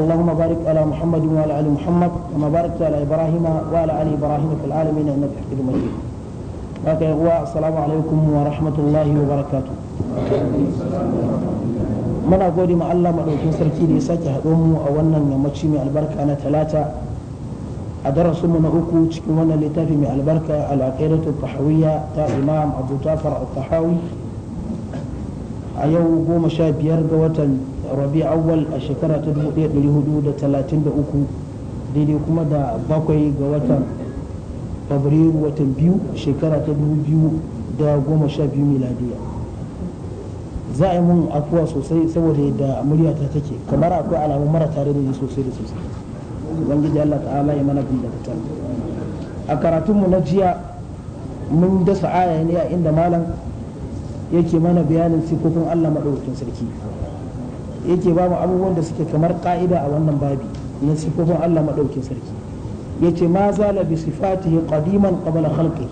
اللهم بارك على محمد وعلى ال محمد كما باركت على ابراهيم وعلى ال ابراهيم في العالمين انك حميد مجيد. haka yi uwa assalamu alaikum wa rahmatullahi wa barakatu muna gode ma Allah maɗaukin sarki da ya sake haɗo mu a wannan yammaci mai albarka na talata a darasinmu na uku cikin wannan littafi mai albarka al'aqidatu tahawiyya ta imam abu tafar al-tahawi a yau goma sha biyar ga watan rabi awal a shekara ta 1433 daidai kuma da bakwai ga watan fabrairu watan biyu shekara ta 2012 miladiya za a yi mun afuwa sosai saboda yadda muryata take kamar akwai alamun mara tare da ni sosai da sosai ubangiji Allah ta'ala ya mana da fitar a karatunmu na jiya mun dasa aya ne a inda malam yake mana bayanin sifofin Allah maɗaukakin sarki yake ba mu abubuwan da suke kamar ka'ida a wannan babi na sifofin Allah maɗaukin sarki yace ma zala bi sifatihi qadiman qabla khalqi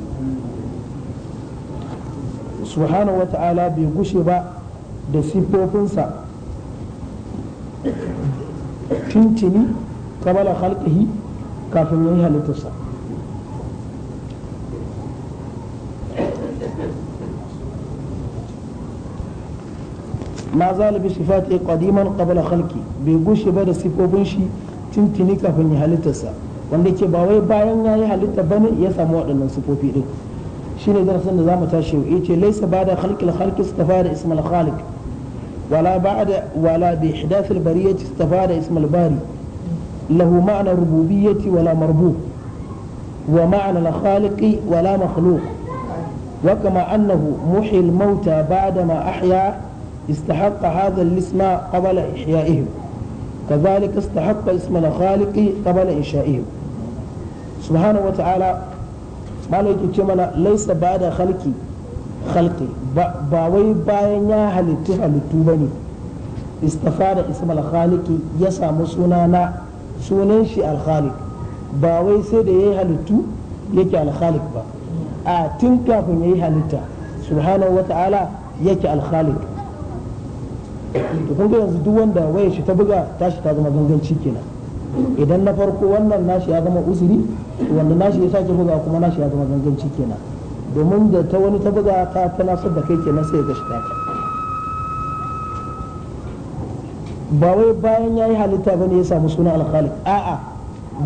subhanahu wa ta'ala bai gushe ba da sifofinsa tuntuni qabla khalqihi kafin yayi halittarsa ما زال بصفاته قديما قبل خلقي بيقوش بدا سيفوبين شي تنتني كفن يهلتسا wanda ke ba wai bayan ya yi halitta bane ya samu waɗannan sifofi din shine darasin da zamu tashi yau yace laysa ba'da khalqil khalq istafada ism al khaliq wala ba'da wala bi ihdath al bariyyah istafada ism al bari lahu ma'na rububiyyati wala marbub wa ma'na al khaliqi wala makhluq وكما أنه محي الموتى بعدما أحيا استحق هذا الاسم قبل إحيائهم كذلك استحق اسم الخالق قبل إنشائهم سبحانه وتعالى ما لك تمنى ليس بعد خلقي خلقي باوي باين يا هلتو هلتو بني استفاد اسم الخالق يسا مسونانا sunan shi alkhalik ba wai sai da ya yi halittu yake alkhalik ba a tun kafin ya yi halitta subhanahu wa ta'ala yake alkhalik to kun ga yanzu duk wanda waya shi ta buga tashi ta zama ganganci kenan idan na farko wannan nashi ya zama usiri wanda nashi ya sake buga kuma nashi ya zama ganganci kenan domin da ta wani ta buga ta tana da kai kenan sai ya gashi ta ba wai bayan yayi halitta bane ya samu sunan alkhaliq a'a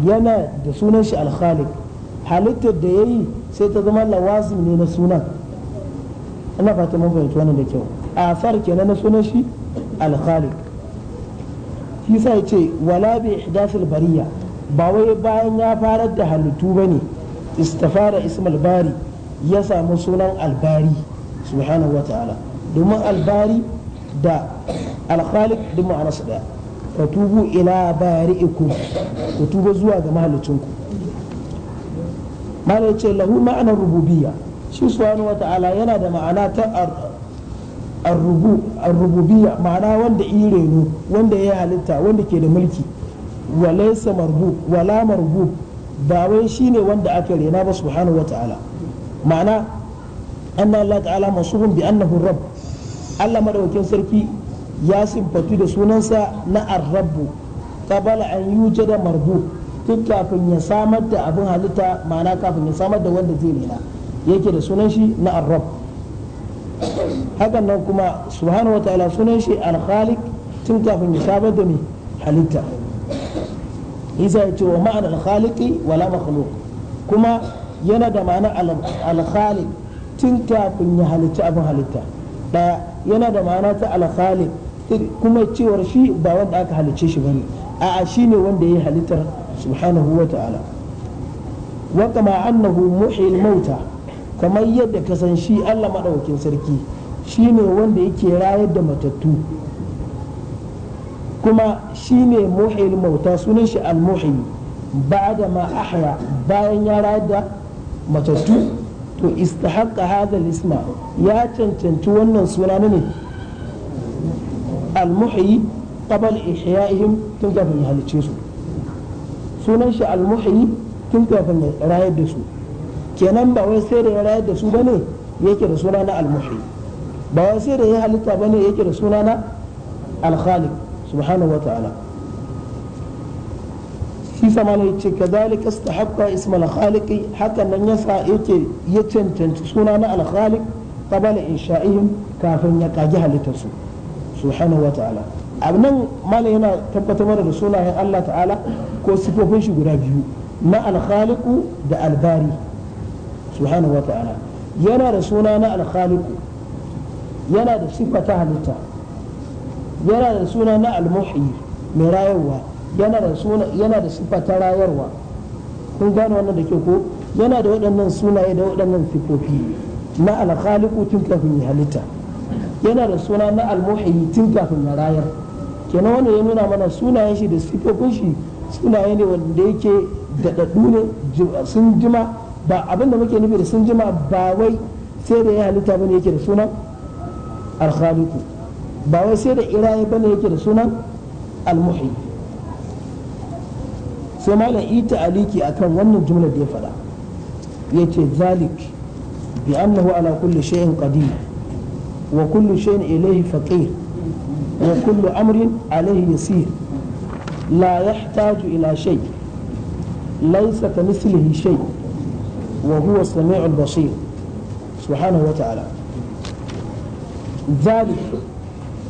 yana da sunan shi al-khaliq halittar da yayi sai ta zama lawazim ne na sunan ina fata mun fahimci wannan da kyau asar kenan na sunan shi alkhaliq shi sa yace wala bi ihdathil bariya ba wai bayan ya farar da halittu bane istafara ismul bari ya samu sunan albari subhanahu ta'ala domin albari da alkhaliq duk ma'ana su daya ka tubu ila bari'ikum ku tuba zuwa ga mahalicinku malai ce lahu ma'anar rububiyya shi subhanahu ta'ala yana da ma'ana ta arrububiya ma'ana wanda iya reno wanda ya halitta wanda ke da mulki walasa marbu wala marbu ba wai shine wanda aka rena ba subhanahu wata'ala ma'ana anna Allah ta'ala masubun bi annahu rabb Allah maɗaukin sarki ya simfatu da sunansa na arrabu kabala an da marbu tun kafin ya samar da abin halitta ma'ana kafin ya samar da wanda zai rena yake da sunan shi na arrabu hakan kuma subhanahu ta'ala sunan shi al-khaliq tun kafin ya sabar da halitta isa ya ce wa ma'an alkhaliki wala makhluq kuma yana da ma'ana al-khaliq tun kafin ya halitta abin halitta daya yana da ma'ana ta al-khaliq kuma cewar shi ba wanda aka halicce shi bane a'a shine wanda yayi halittar subhanahu wa ta'ala wa kama annahu muhyil mauta kamar yadda ka san shi Allah maɗaukin sarki shine wanda yake rayar da matattu kuma shine muhil mauta sunan shi al-muhil da ma ahya bayan ya rayar da matattu to istahaqqa hadha isma ya cancanci wannan suna ne al-muhyi qabla ihya'ihim tun kafin ya halice su sunan shi al-muhyi tun kafin ya rayar da su kenan ba wai sai da ya rayar da su ba ne yake da suna na al ba wai sai da ya halitta ne yake da suna na al-khaliq subhanahu wa ta'ala shi sama ne ce kadhalika istahaqqa isma al khaliki hakan nan yasa yake ya cancanci suna na al-khaliq in insha'ihim kafin ya kaji halittar su subhanahu wa ta'ala abin mala yana tabbatar mana da sunayen Allah ta'ala ko sifofin shi guda biyu na alkhaliku da albari. subhanahu wa ta'ala yana da suna na alkhaliku yana da siffa ta halitta yana da suna na almuhyi mai rayarwa yana da suna yana da siffa ta rayarwa kun gane wannan da ke ko yana da waɗannan sunaye da waɗannan sifofi na alkhaliku tun kafin ya halitta yana da suna na almuhyi tun kafin ya rayar kenan wanda ya nuna mana sunayen shi da sifofin shi sunaye ne wanda yake daɗaɗɗu ne sun jima ba abin da muke nufi da sun jima ba wai sai da ya halitta bane yake da sunan alkhaliku ba wai sai da iraye bane yake da sunan almuhi sai malam ita aliki akan wannan jumlar da ya faɗa yace zalik bi annahu ala kulli shay'in qadir wa kullu shay'in ilayhi faqir wa kullu amrin alayhi yasir la yahtaju ila shay laysa mislihi shay' وهو السميع البصير سبحانه وتعالى ذلك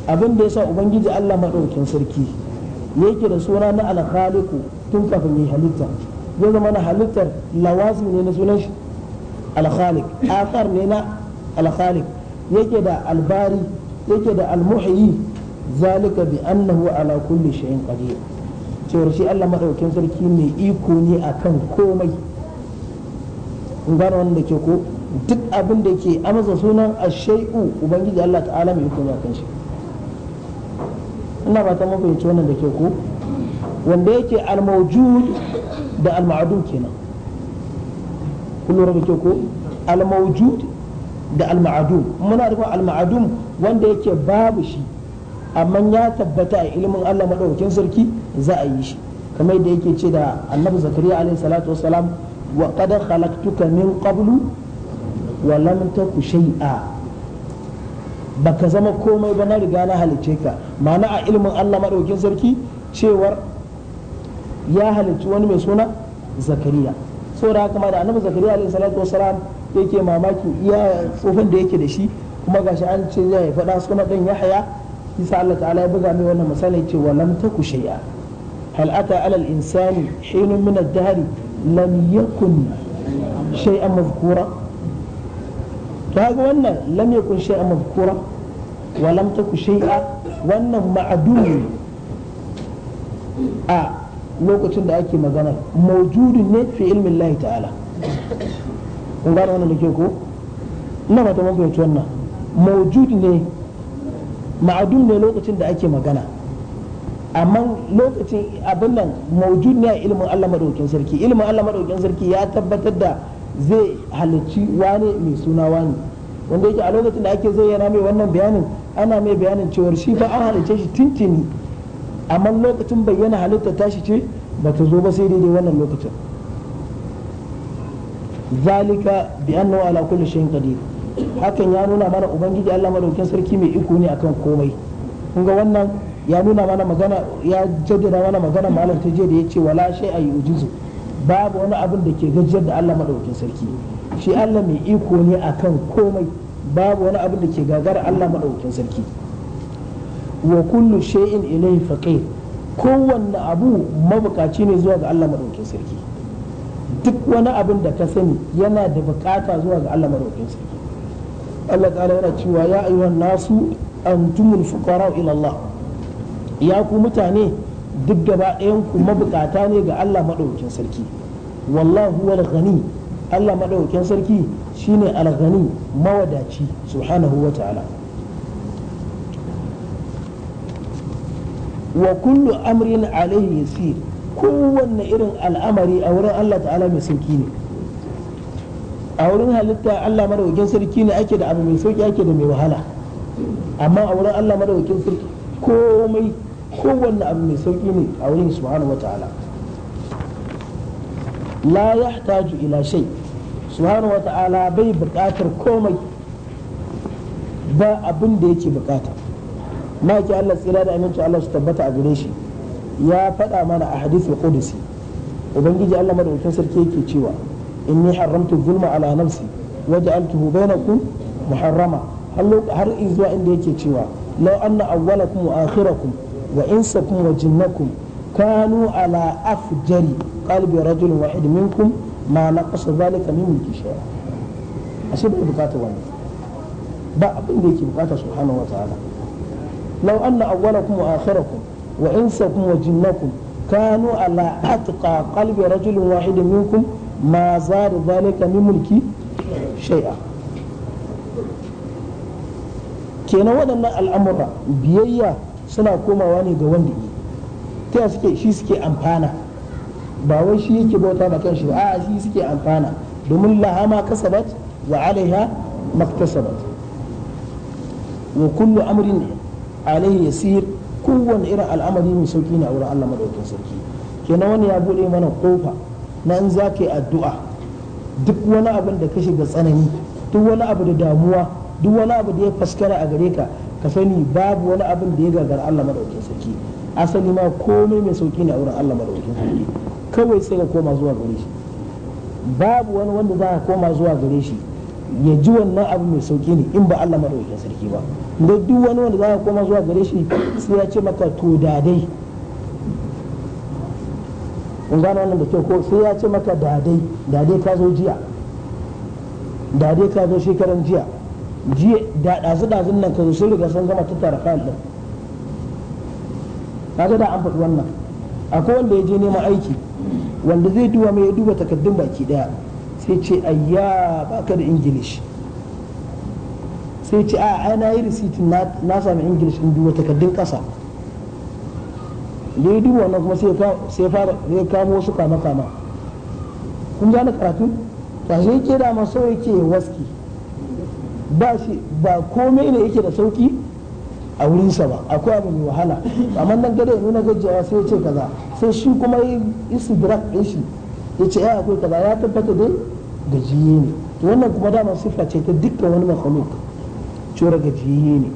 abin da yasa ubangiji Allah madaukakin sarki yake da suna na alkhaliku tun kafin yi halitta ya zama na halittar lawazim ne na sunan shi alkhalik ne na alkhalik yake da albari yake da almuhyi zalika bi annahu ala kulli shay'in qadir cewar shi Allah maɗaukin sarki mai iko ne akan komai in gano wanda ke ko duk abin da ke amsa sunan ashe'u ubangiji Allah ta'ala mai hukumi kan shi ina ba ta mafaici wannan da ke ko wanda yake al-mawjud da al-ma'dud kenan kullu rabu ke ko al-mawjud da al-ma'dum muna da al-ma'dum wanda yake babu shi amma ya tabbata a ilimin Allah madaukakin sarki za a yi shi kamar yadda yake ce da Annabi Zakariya alaihi salatu wassalam wa qad khalaqtuka min qablu wa lam shay'a baka zama komai ba na riga na halicce ka ma'ana a ilimin Allah maɗaukin sarki cewar ya halicci wani mai suna zakariya saboda haka ma da annabi zakariya alaihi salatu wassalam yake mamaki iya tsofin da yake da shi kuma gashi an ce zai faɗa suna ɗan yahaya isa Allah ta'ala ya buga mai wannan misali ce wa lam taku shay'a alal insani hinun min ad-dahri lam yakun shay'an mazkura kaga wannan lam yakun shay'an mazkura wa lam taku shay'a wannan ma'adun a lokacin da ake magana mawjudun ne fi ilmin Allah ta'ala kun gane wannan da ke ko ina ba ta mafi wannan mawjud ne ma'adun ne lokacin da ake magana amma lokacin abin nan maujud ne a ilimin Allah madaukin sarki ilimin Allah madaukin sarki ya tabbatar da zai halicci wani mai suna wani wanda yake a lokacin da ake zayyana mai wannan bayanin ana mai bayanin cewar shi fa an halicce shi tintini amma lokacin bayyana halitta tashi ce ba ta zo ba sai daidai wannan lokacin zalika bi annahu ala kulli shay'in qadir hakan ya nuna mana ubangiji Allah madaukin sarki mai iko ne akan komai kun ga wannan ya nuna mana magana ya jaddada mana magana malam ta je da yace wala shay ay ujizu babu wani abin da ke gajiyar da Allah madaukakin sarki shi Allah mai iko ne akan komai babu wani abin da ke gagara Allah madaukakin sarki wa kullu shay'in ilayhi faqir kowanne abu mabukaci ne zuwa ga Allah madaukakin sarki duk wani abin da ka sani yana da bukata zuwa ga Allah madaukakin sarki Allah ta'ala yana cewa ya ayyuhan nasu antumul fuqara ila Allah ya ku mutane duk gaba ɗayan ku mabukata ne ga Allah maɗaukin sarki wallahu wal ghani Allah maɗaukin sarki shine al mawadaci subhanahu wa ta'ala wa kullu amrin alaihi yasir kowanne irin al'amari a wurin Allah ta'ala mai sarki ne a wurin halitta Allah maɗaukin sarki ne ake da abu mai sauki ake da mai wahala amma a wurin Allah maɗaukin sarki komai kowanne abu mai sauki ne a wurin subhanahu wata'ala la yahtaju ila shai subhanahu wata'ala bai buƙatar komai ba abin da yake buƙata maki Allah tsira da aminci Allah su tabbata a gare shi ya faɗa mana a hadithul qudsi ubangiji Allah madaukakin sarki yake cewa inni haramtu zulma ala nafsi waja'altuhu bainakum muharrama har zuwa inda yake cewa law anna awwalakum wa akhirakum وإنسكم وجنكم كانوا على أفجر قلب رجل واحد منكم ما نقص ذلك من ملك شيئا أشياء بقاتة وانا بأبن بنديك بقاتة سبحانه وتعالى لو أن أولكم وآخركم وإنسكم وجنكم كانوا على أتقى قلب رجل واحد منكم ما زاد ذلك من ملك شيئا كينا ودنا الأمر بيئة suna komawa ne ga wanda yi ta suke shi suke amfana ba wai shi yake bauta da kanshi ba a shi suke amfana domin lahama kasabat wa alaiha maktasabat wa kullu amrin alaihi yasir kowane irin al'amari mai sauki ne a wurin Allah madaukakin sarki kenan wani ya bude mana kofa na in za ka yi addu'a duk wani abin da ka shiga tsanani duk wani abu da damuwa duk wani abu da ya faskara a gare ka ka sani babu wani abin da ya gagara Allah madaukin sarki asali ma komai mai sauki ne a wurin Allah madaukin sarki kawai sai ka koma zuwa gare shi babu wani wanda za ka koma zuwa gare shi ya ji wannan abu mai sauki ne in ba Allah madaukin sarki ba da duk wani wanda za ka koma zuwa gare shi sai ya ce maka to da dai in gane wannan da kyau ko sai ya ce maka da dai da dai ka zo jiya da dai ka zo shekaran jiya ji da ɗazu ɗazun nan kan sun riga sun gama tattara kayan ɗin kaga da an faɗi wannan akwai wanda ya je neman aiki wanda zai duba mai ya duba takardun baki ɗaya sai ce ayya baka da english sai ce a ai na yi receipt na sami english in duba takardun kasa da ya duba wannan kuma sai fara ya kamo wasu kama kama kun gane karatu ta shi ke da masoyi yake waski ba shi ba komai ne yake da sauki a wurinsa ba akwai abu mai wahala amma nan gada ya nuna gajiyawa sai ya ce kaza sai shi kuma ya istidrak ɗin shi ya ce ya akwai kaza ya tabbata dai gajiye ne to wannan kuma dama siffa ce ta dukkan wani makhluk cura gajiye ne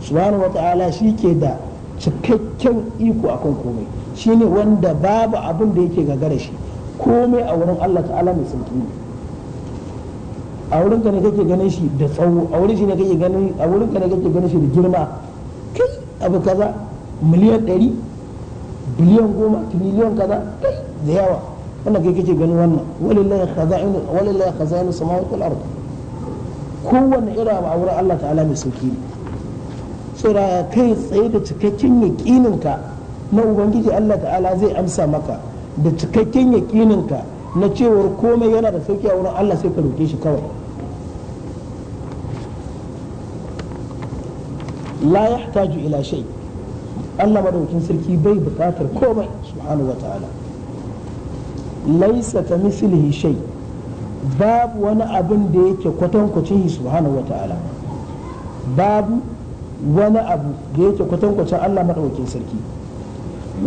subhanahu ta'ala shi ke da cikakken iko akan komai shine wanda babu abin da yake gagara shi komai a wurin Allah ta'ala mai sauki ne a wurin ka ne kake ganin shi da tsawo a wurin shi ne kake ganin a wurin ka ne kake ganin shi da girma kai abu kaza miliyan ɗari biliyan goma miliyan kaza kai da yawa wannan kai kake ganin wannan walillahi khaza'inu walillahi khaza'inu samawati wal ard kowanne ira ba a wurin Allah ta'ala mai sauki ne saboda kai tsaye da cikakken yaqinin ka na ubangiji Allah ta'ala zai amsa maka da cikakken yaqinin ka na cewar komai yana da sauki a wurin Allah sai ka roke shi kawai la taju ila shai Allah madaukin sarki bai buƙatar komai subhanahu wa ta'ala laisa ta mislihi shai babu wani abin da yake kwatankwacin shi subhanahu wa ta'ala babu wani abu da yake kwatankwacin Allah madaukin sarki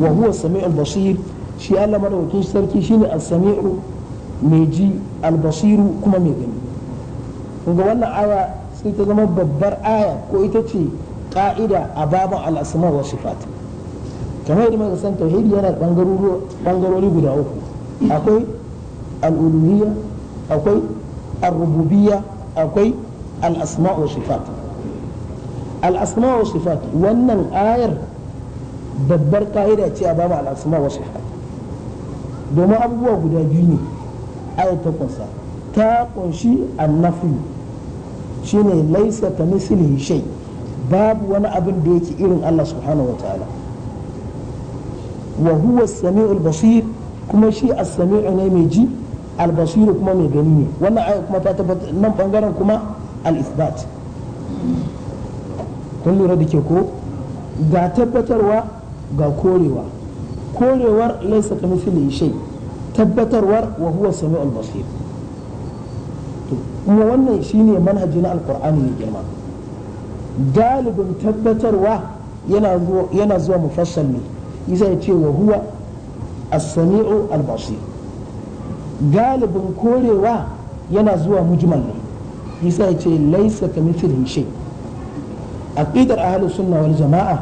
wa huwa sami'ul basir shi Allah madaukin sarki shine as-sami'u mai ji al-basiru kuma mai gani kun ga wannan aya sai ta zama babbar aya ko ita ce ka'ida a babin al'asimar wa sifat kamar yadda muka san tauhidi yana da bangarori guda uku akwai al'uluhiyya akwai al-rububiyya akwai al'asma wa sifat al'asma wa sifat wannan ayar babbar ka'ida ce a babin al'asma wa sifat domin abubuwa guda biyu ne ayar ta kunsa ta kunshi annafi shine laisa ta mislihi shay' babu wani abin da yake irin Allah subhanahu ta'ala wa huwa as-sami'ul basir kuma shi as-sami'u ne mai ji al-basir kuma mai gani ne wannan ayat kuma ta tabbata nan bangaren kuma al-ithbat kun lura da ke ko ga tabbatarwa ga korewa korewar laysa kamithlihi shay tabbatarwar wa huwa as-sami'ul basir to kuma wannan shine manhaji na al-qur'ani ne girma galibin tabbatarwa yana zuwa mufassal ne isa ya ce wa huwa as-sami'u al galibin korewa yana zuwa mujmal ne isa ya ce laisa kamithlihi shay aqidar ahlus sunna wal jama'a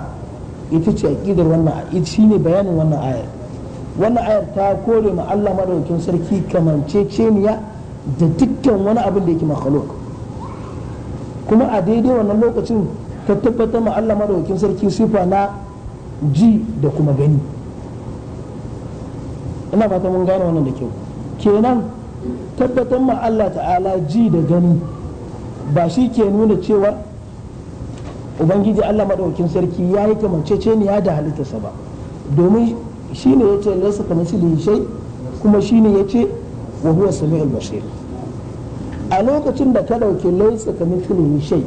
ita ce aqidar wannan shine bayanin wannan ayar wannan ayar ta kore ma Allah madaukin sarki kamanceceniya da dukkan wani abin da yake makhluk kuma a daidai wannan lokacin ta tabbatar ma Allah madaukakin sarki sifa na ji da kuma gani ina fata mun gane wannan da kyau kenan tabbatar ma Allah ta'ala ji da gani ba shi ke nuna cewa ubangiji Allah madaukakin sarki ya yi kamanceceniya da halittarsa ba domin shine yace laysa kamithlihi shi kuma shine yace wa huwa samiul basir a lokacin da ka ɗauki laitsa ka mithlihi shai,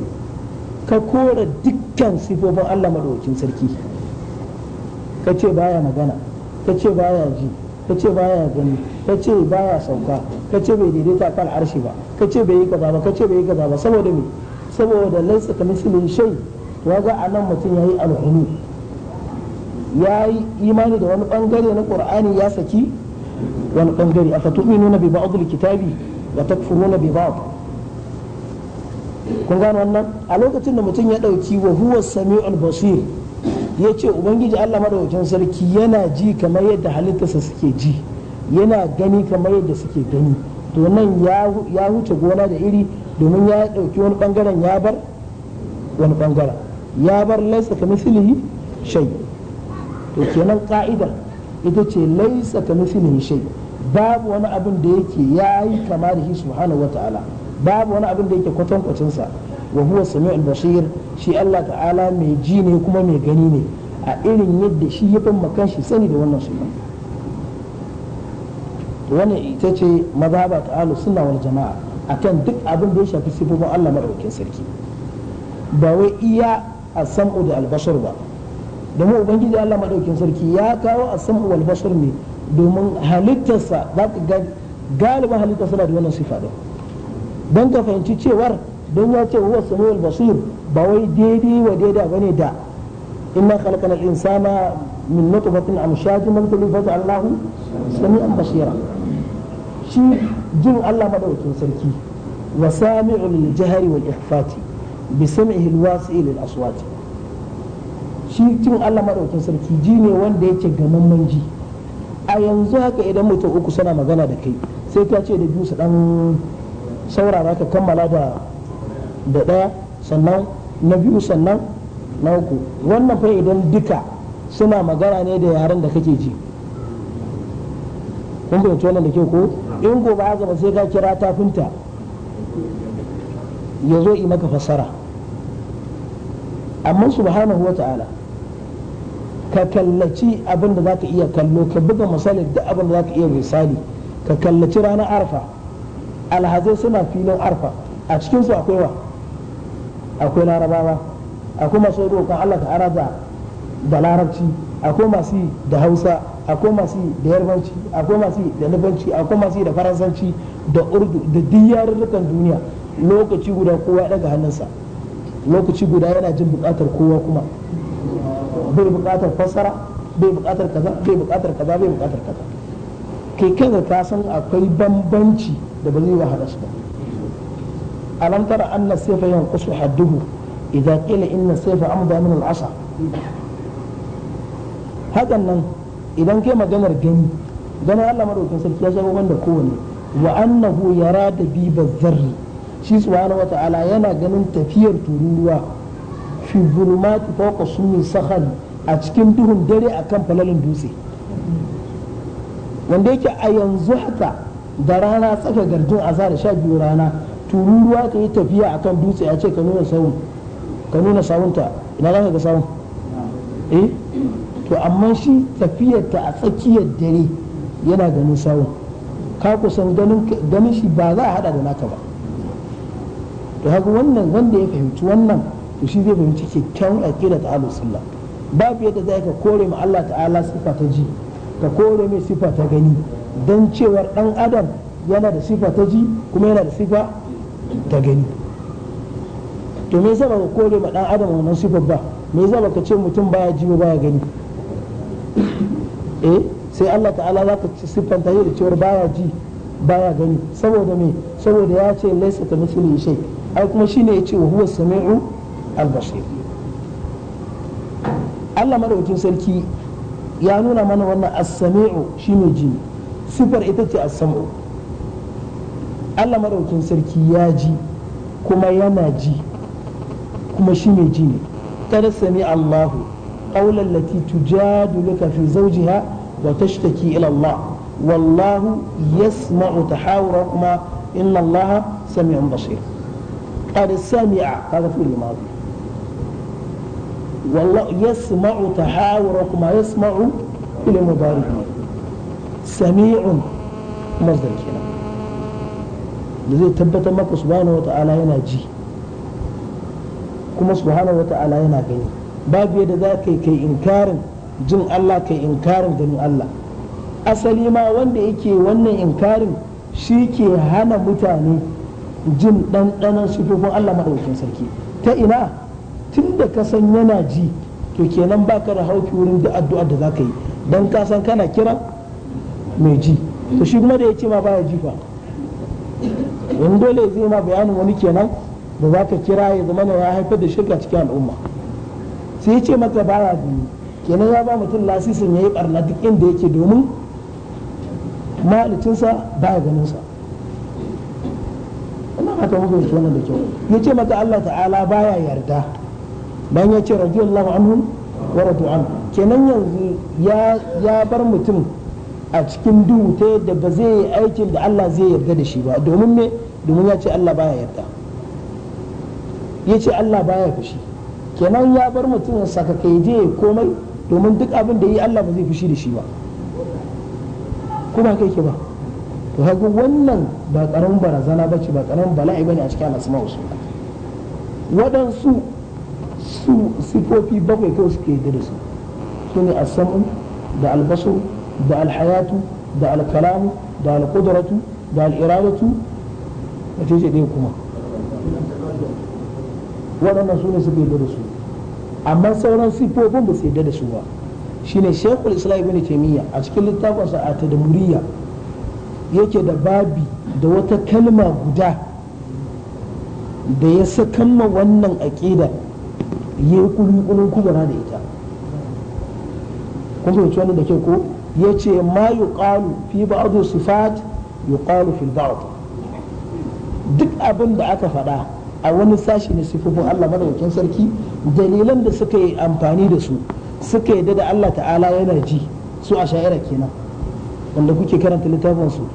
ka kora dukkan sifofin Allah madaukakin sarki ka ce baya magana ka ce baya ji ka ce baya gani ka ce baya sauka ka ce bai daidaita kan arshi ba ka ce bai yi kaza ba ka ce bai yi kaza ba saboda me saboda laitsa ka mithlihi shai, to ga anan mutum ya yi alhuni ya yi imani da wani bangare na qur'ani ya saki wani bangare aka tu'minuna bi ba'd kitabi wa takfuruna bi ba'd kun gano wannan a lokacin da mutum ya ɗauki wa huwa sami'ul basir ya ce ubangiji Allah wajen sarki yana ji kamar yadda halittarsa suke ji yana gani kamar yadda suke gani to nan ya wuce gona da iri domin ya ɗauki wani ɓangaren ya bar wani ɓangaren ya bar laisa ka misilihi shai to kenan ka'idar ita ce laisa ka misilihi shai. babu wani abin da yake ya yi kama da shi subhanahu wata'ala babu wani abin da yake kwatankwacin sa wa huwa sami'ul basir shi Allah ta'ala mai ji ne kuma mai gani ne a irin yadda shi ya fama kanshi shi sani da wannan shi Wani ita ce mazhaba ba ta'ala sunna wal jama'a akan duk abin da ya shafi sifofin Allah madaukakin sarki ba wai iya a samu da al ba domin ubangiji Allah Maɗaukin sarki ya kawo asamu samu wal bashar ne domin halittarsa za ka ga galiba halittarsa na da wannan sifa ɗin don ka fahimci cewar don ya ce huwa samuwal basir ba wai daidai wa daidai ne da inna khalaqana al-insana min nutfatin amshajin nabtali fa sami sami'an basira shi jin Allah madaukakin sarki wa sami'ul jahri wal ikhfati bi sam'ihi al-wasi'i lil aswati shi jin Allah madaukakin sarki ji ne wanda yake gamamman ji a yanzu haka idan mutum uku suna magana da kai sai ka ce da biyu su dan saurara ka kammala da da ɗaya sannan na biyu sannan na uku wannan fa idan duka suna magana ne da yaren da kake ji kun fahimci wannan da ke ko in gobe haka ba sai ka kira tafinta ya zo yi maka fassara amma subhanahu wa ta'ala ka kallaci abin da za ka iya kallo ka buga misali duk abin da za ka iya misali ka kallaci ranar arfa alhazai suna filin arfa a cikinsu akwai wa akwai larabawa akwai masu roƙon allah ta araba da larabci akwai masu yi da hausa akwai masu da yarbanci akwai masu yi da nufanci akwai masu da faransanci da urdu da duk yarurrukan duniya lokaci guda kowa daga hannunsa lokaci guda yana jin buƙatar kowa kuma bai buƙatar fassara bai buƙatar kaza bai buƙatar kaza bai buƙatar kaza kai kanka ka san akwai bambanci da ba zai wahala su ba alam tara anna sayfa yanqusu hadduhu idza qila inna sayfa amda min al-asa hakan nan idan kai maganar gani gani Allah madaukakin sarki ya shafa wanda kowanne wa annahu yara da bi zarri shi subhanahu wata'ala yana ganin tafiyar tururuwa fi zulumati fawqa summi sahal a cikin duhun dare akan falalin dutse wanda yake a yanzu haka da rana tsaka garjin azhar sha biyu rana tururuwa ta yi tafiya akan dutse ya ce ka nuna sawun ka nuna sawunta ina za ka ga sawun eh to amma shi tafiyar ta a tsakiyar dare yana ganin sawun ka kusan ganin shi ba za a hada da naka ba to haka wannan wanda ya fahimci wannan to shi zai fahimci kyakkyawan aqida ta alu sunna babu yadda zai ka kore ma Allah ta'ala sifa ta ji ka kore mai sifa ta gani don cewar dan adam yana da sifa ta ji kuma yana da sifa ta gani to me zaba ka kore ma dan adam wannan sifar ba me zaba ka ce mutum baya ji baya gani eh sai Allah ta'ala za ka siffanta shi da cewar baya ji baya gani saboda me saboda ya ce laisa ta misali shay ai kuma shine ya ce wa huwa samiu al Allah madaukakin sarki ya nuna mana wannan as-sami'u shine ji sifar ita ce as-sam'u Allah madaukakin sarki ya ji kuma yana ji kuma shine ji ne kada sami Allahu qawlan lati tujadiluka fi zawjiha wa tashtaki ila Allah wallahu yasma'u kuma inna Allah sami'un basir qad sami'a kaga fi al-madi والله يسمع تحاوركما يسمع إلى مضارع سميع مصدر كلام الذي تبت مك سبحانه وتعالى هنا جي كما سبحانه وتعالى هنا جي باب يد ذاك كي إنكار جن الله كي إنكار جن الله asali ma wanda yake wannan inkarin shi هنا متاني جن jin ɗanɗanon sufufin Allah maɗaukin sarki ta ina tun da ka san yana ji to kenan baka da hauki wurin da addu'a da zaka yi dan ka san kana kira mai ji to shi kuma da ya ce ma baya ji fa in dole zai ma bayanin wani kenan da zaka kira ya zama ya haifar da shirka cikin al'umma sai ya ce maka baya ji kenan ya ba mutum lasisin ya yi barna duk inda yake domin mahalicinsa baya ganinsa wannan fata muku wannan da kyau ya ce maka Allah ta'ala baya yarda bayan ya ce radiyallahu anhu wa radu an kenan yanzu ya bar mutum a cikin duhu ta yadda ba zai yi aikin da Allah zai yarda da shi ba domin me domin ya ce Allah baya yarda ya ce Allah baya fushi kenan ya bar mutum saka kai komai domin duk abin da yi Allah ba zai fushi da shi ba kuma kai ke ba to haka wannan ba karamin barazana ba ce ba karamin bala'i ba ne a cikin al'asma wasu waɗansu su sifofi bakwai kawai suke yadda da su su ne asamu da albasu da alhayatu da alkalamu da alkudratu da al'iradatu da ce ɗaya kuma waɗannan su ne suke yadda da su amma sauran sifofin ba su yadda da su ba shine shekul islam ibn taimiyya a cikin littafinsa a tadmuriya yake da babi da wata kalma guda da ya sakamma wannan aƙidar ya yi kulun kubura da ita kun fahimci wannan da ke ko ya ce ma yuqalu fi fat sifat yuqalu duk abin da aka faɗa a wani sashi ne sifofin Allah madaukakin sarki dalilan da suka yi amfani da su suka yi da Allah ta'ala yana ji su a sha'ira kenan wanda kuke karanta littafin su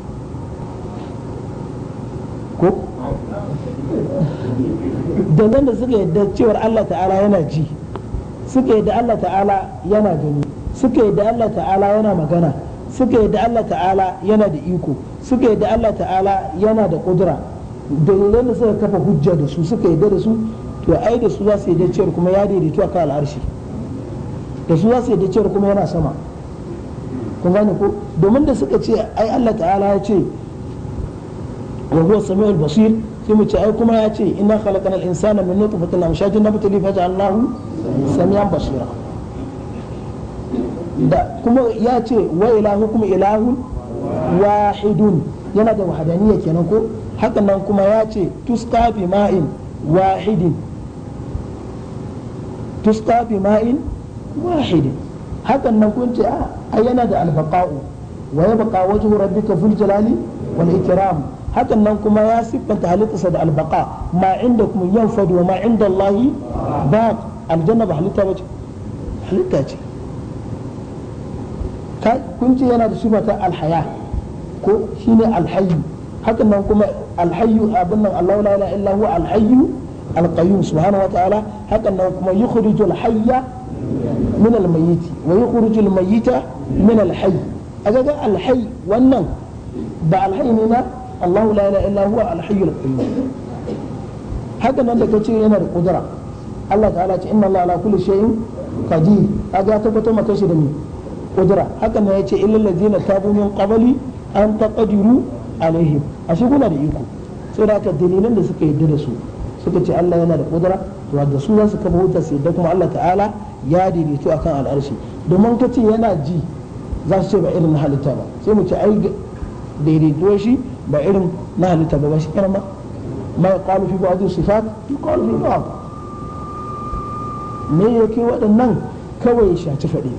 dangane da suka yadda cewar Allah ta'ala yana ji suka yadda Allah ta'ala yana gani suka yadda Allah ta'ala yana magana suka yadda Allah ta'ala yana da iko suka yadda Allah ta'ala yana da kudura dalilan da suka kafa hujja da su suka yadda da su to ai da su za su yadda cewar kuma ya daidaitu a kan al'arshi da su za su yadda cewar kuma yana sama kun gane ko domin da suka ce ai Allah ta'ala ya ce wa huwa samiul basir sai mu ce ai kuma ya ce inna khalaqana al-insana min nutfatin amshajin nabtali faj'alnahu samiyan basira da kuma ya ce wa ilahu kuma ilahun wahidun yana da wahadaniya kenan ko hakan nan kuma ya ce tuska bi ma'in wahidin tuska bi ma'in wahidin hakan nan kun ce a ah, yana da albaqa'u wa yabqa wajhu rabbika fil jalali wal ikram hakan nan kuma ya siffanta halittarsa da albaka ma inda kuma yan fadu ma inda Allah ba aljanna ba halitta ba ce halitta ce kun ce yana da sifata ta alhaya ko shine alhayu hakan nan kuma alhayu abin nan Allah la illa huwa alhayyu alqayyum subhanahu wa ta'ala hakan nan kuma yukhrijul hayya min almayyit wa yukhrijul mayyita min alhayy aga alhayy wannan ba alhayy ne na Allahu la ilaha illa huwa al-hayyul qayyum haka nan da ce yana da kudura Allah ta'ala ce inna Allah ala kulli shay'in qadir kaga tabbatar mata shi da ni kudura haka nan yace illal ladzina tabu min qabli an taqdiru a shi kuna da iko da haka dalilan da suka yadda da su suka ce Allah yana da kudura to da su za su kafa hujja su kuma Allah ta'ala ya daidaito akan al'arshi domin ce yana ji za su ce ba irin halitta ba sai mu ce ai Daidaito shi ba irin na halitta ba ba shi irin ba ma ya kalu fi ba'adu sifat ya kalu fi ba'adu me yake waɗannan kawai ya shaci faɗi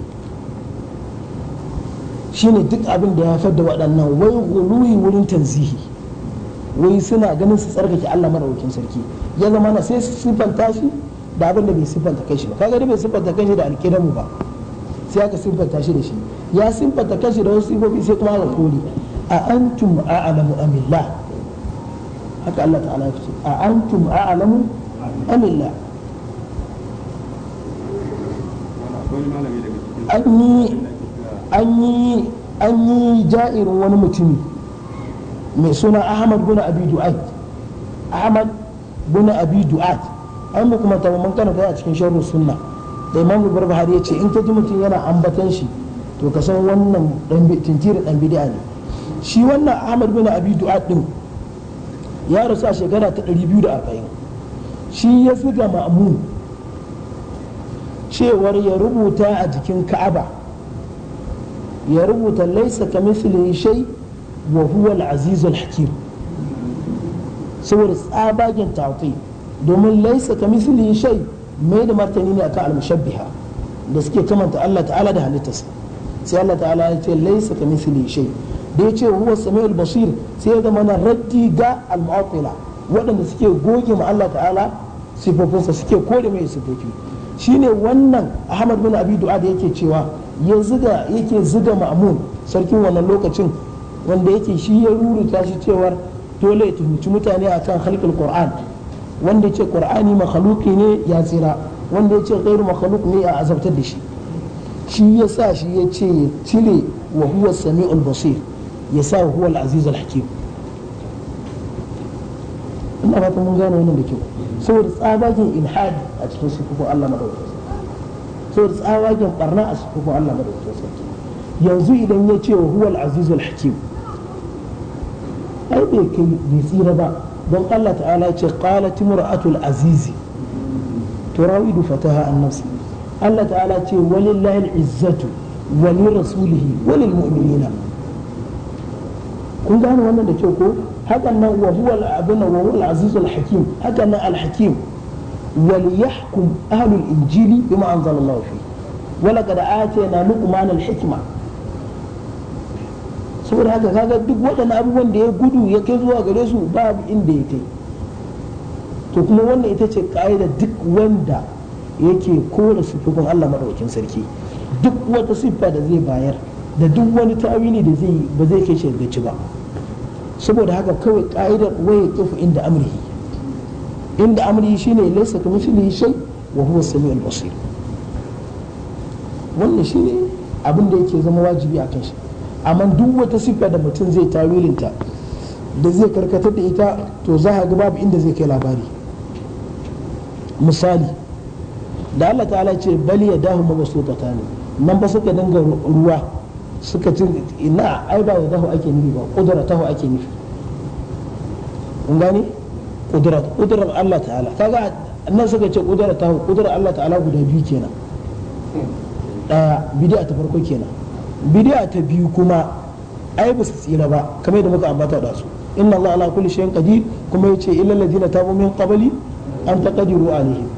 Shi ne duk abin da ya haifar da waɗannan wai guluhi wurin tanzihi wai suna ganin su tsarkake Allah maraukin sarki ya zama na sai siffanta shi da abin da bai siffanta kai shi ba kaga da bai siffanta kai shi da alƙidamu ba sai aka siffanta shi da shi ya siffanta kai shi da wasu siffofi sai kuma aka koli a antum a'lamu amillah haka Allah ta'ala ya a antum a'lamu amillah an yi an yi ja'irin wani mutumi mai suna Ahmad bin Abi Du'ad Ahmad bin Abi Du'ad an mu kuma tabbaman kana a cikin sharru sunna da Imam Bukhari ya ce in ta ji mutum yana ambatan shi to ka san wannan dan tintirin dan bid'a ne shi wannan ahmad bin abi du'ad ya rasu a shekara ta 240 shi ya fi ga ma'mun cewar ya rubuta a jikin ka'aba ya rubuta laisa ka mithlihi shay wa huwa al-aziz hakim saboda tsabagen tawafi domin laisa ka mithlihi shay mai da martani ne akan al-mushabbiha da suke kamanta Allah ta'ala da halittarsa sai Allah ta'ala ya ce laisa ka mithlihi shay da ya ce huwa samiul basir sai ya zama na raddi ga al-mu'attila waɗanda suke goge ma Allah ta'ala sifofinsa suke kore mai sifofi shine wannan Ahmad bin Abi Du'a da yake cewa ya ziga yake ziga Ma'mun sarkin wannan lokacin wanda yake shi ya ruruta shi cewar dole ya tuhumci mutane akan halkar Qur'an wanda ce Qur'ani makhluqi ne ya tsira wanda yace ghairu makhluq ne a azabtar da shi shi ya sa shi ya ce cile wa huwa sami'ul basir ya huwa al-aziz al-hakim ina fatan mun gane wannan da kyau saboda tsabagen ilhadi a cikin sufufin Allah madaukakin saboda tsabagen barna a sufufin Allah madaukakin sarki yanzu idan ya ce wa huwa al-aziz al-hakim ai bai kai bai tsira ba don Allah ta'ala ce qala imra'atu al-aziz turawidu fataha an nafsi Allah ta'ala ce walillahi al-izzatu wa li rasulihi wa lil mu'minina kun gane wannan da kyau ko hakan nan wa huwa abin wa huwa al-aziz al-hakim hakan nan al-hakim wal yahkum ahlul injili bima Allah fi wala kad atayna luqman al-hikma saboda haka kaga duk waɗannan abubuwan da ya gudu ya kai zuwa gare su babu inda ya kai to kuma wannan ita ce da duk wanda yake kore sifofin Allah madaukin sarki duk wata siffa da zai bayar da duk wani ta'awili da zai ba zai kai shi ba saboda haka kawai ka'idar waya kifu inda amrihi inda amrihi shine laysa kamithlihi shay wa huwa al basir wannan shine abin da yake zama wajibi a kanshi amma duk wata siffa da mutum zai tawilinta da zai karkatar da ita to za a ga babu inda zai kai labari misali da Allah ta'ala ce bali ya dahu ne nan ba suka danga ruwa suka ce ina ai ba zahu ake nufi ba kudura kudratahu ake nufi kun gani kudura kudura Allah ta'ala kaga annan suka ce kudratahu kudura Allah ta'ala guda biyu kenan daya bid'a ta farko kenan bid'a ta biyu kuma ai ba su tsira ba kamar yadda muka ambata da su inna Allah ala kulli shay'in qadir kuma yace illal ladina tabu min qabli an taqdiru alaihim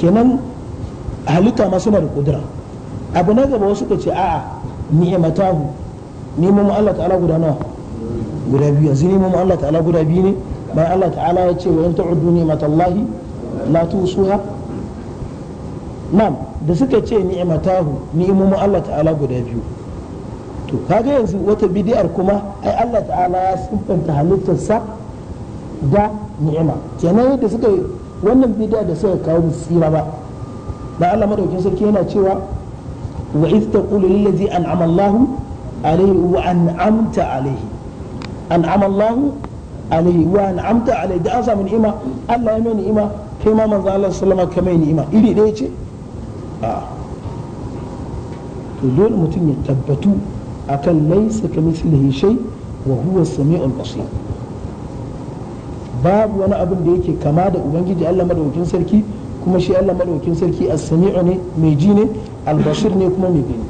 kenan halitta ma suna da kudura abu na gaba wasu ka ce a'a ni'imatahu neman Allah ta'ala guda nawa guda biyu yanzu neman Allah ta'ala guda biyu ne bayan Allah ta'ala ya ce wa in ta'uddu ni'matallahi la tusuha Nan da suka ce ni'imatahu ni'imomin Allah ta'ala guda biyu to kaga yanzu wata bidiyar kuma ai Allah ta'ala ya sifanta halittarsa da ni'ima kenan yadda suka wannan bidiyar da suka kawo tsira ba da Allah madaukin sarki yana cewa wa iz taqulu lil an an'ama Allahu alayhi wa an'amta alayhi an'ama Allahu alayhi wa an'amta alayhi da asa min ima Allah ya mai ni'ima kai ma manzo Allah sallama ka mai ni'ima iri ɗaya ce a to dole mutum ya tabbatu akan laysa kamithlihi shay wa huwa as-sami'ul basir babu wani abin da yake kama da ubangiji Allah madaukakin sarki kuma shi Allah madaukakin sarki a samiu ne mai ji ne albashir ne kuma mai gani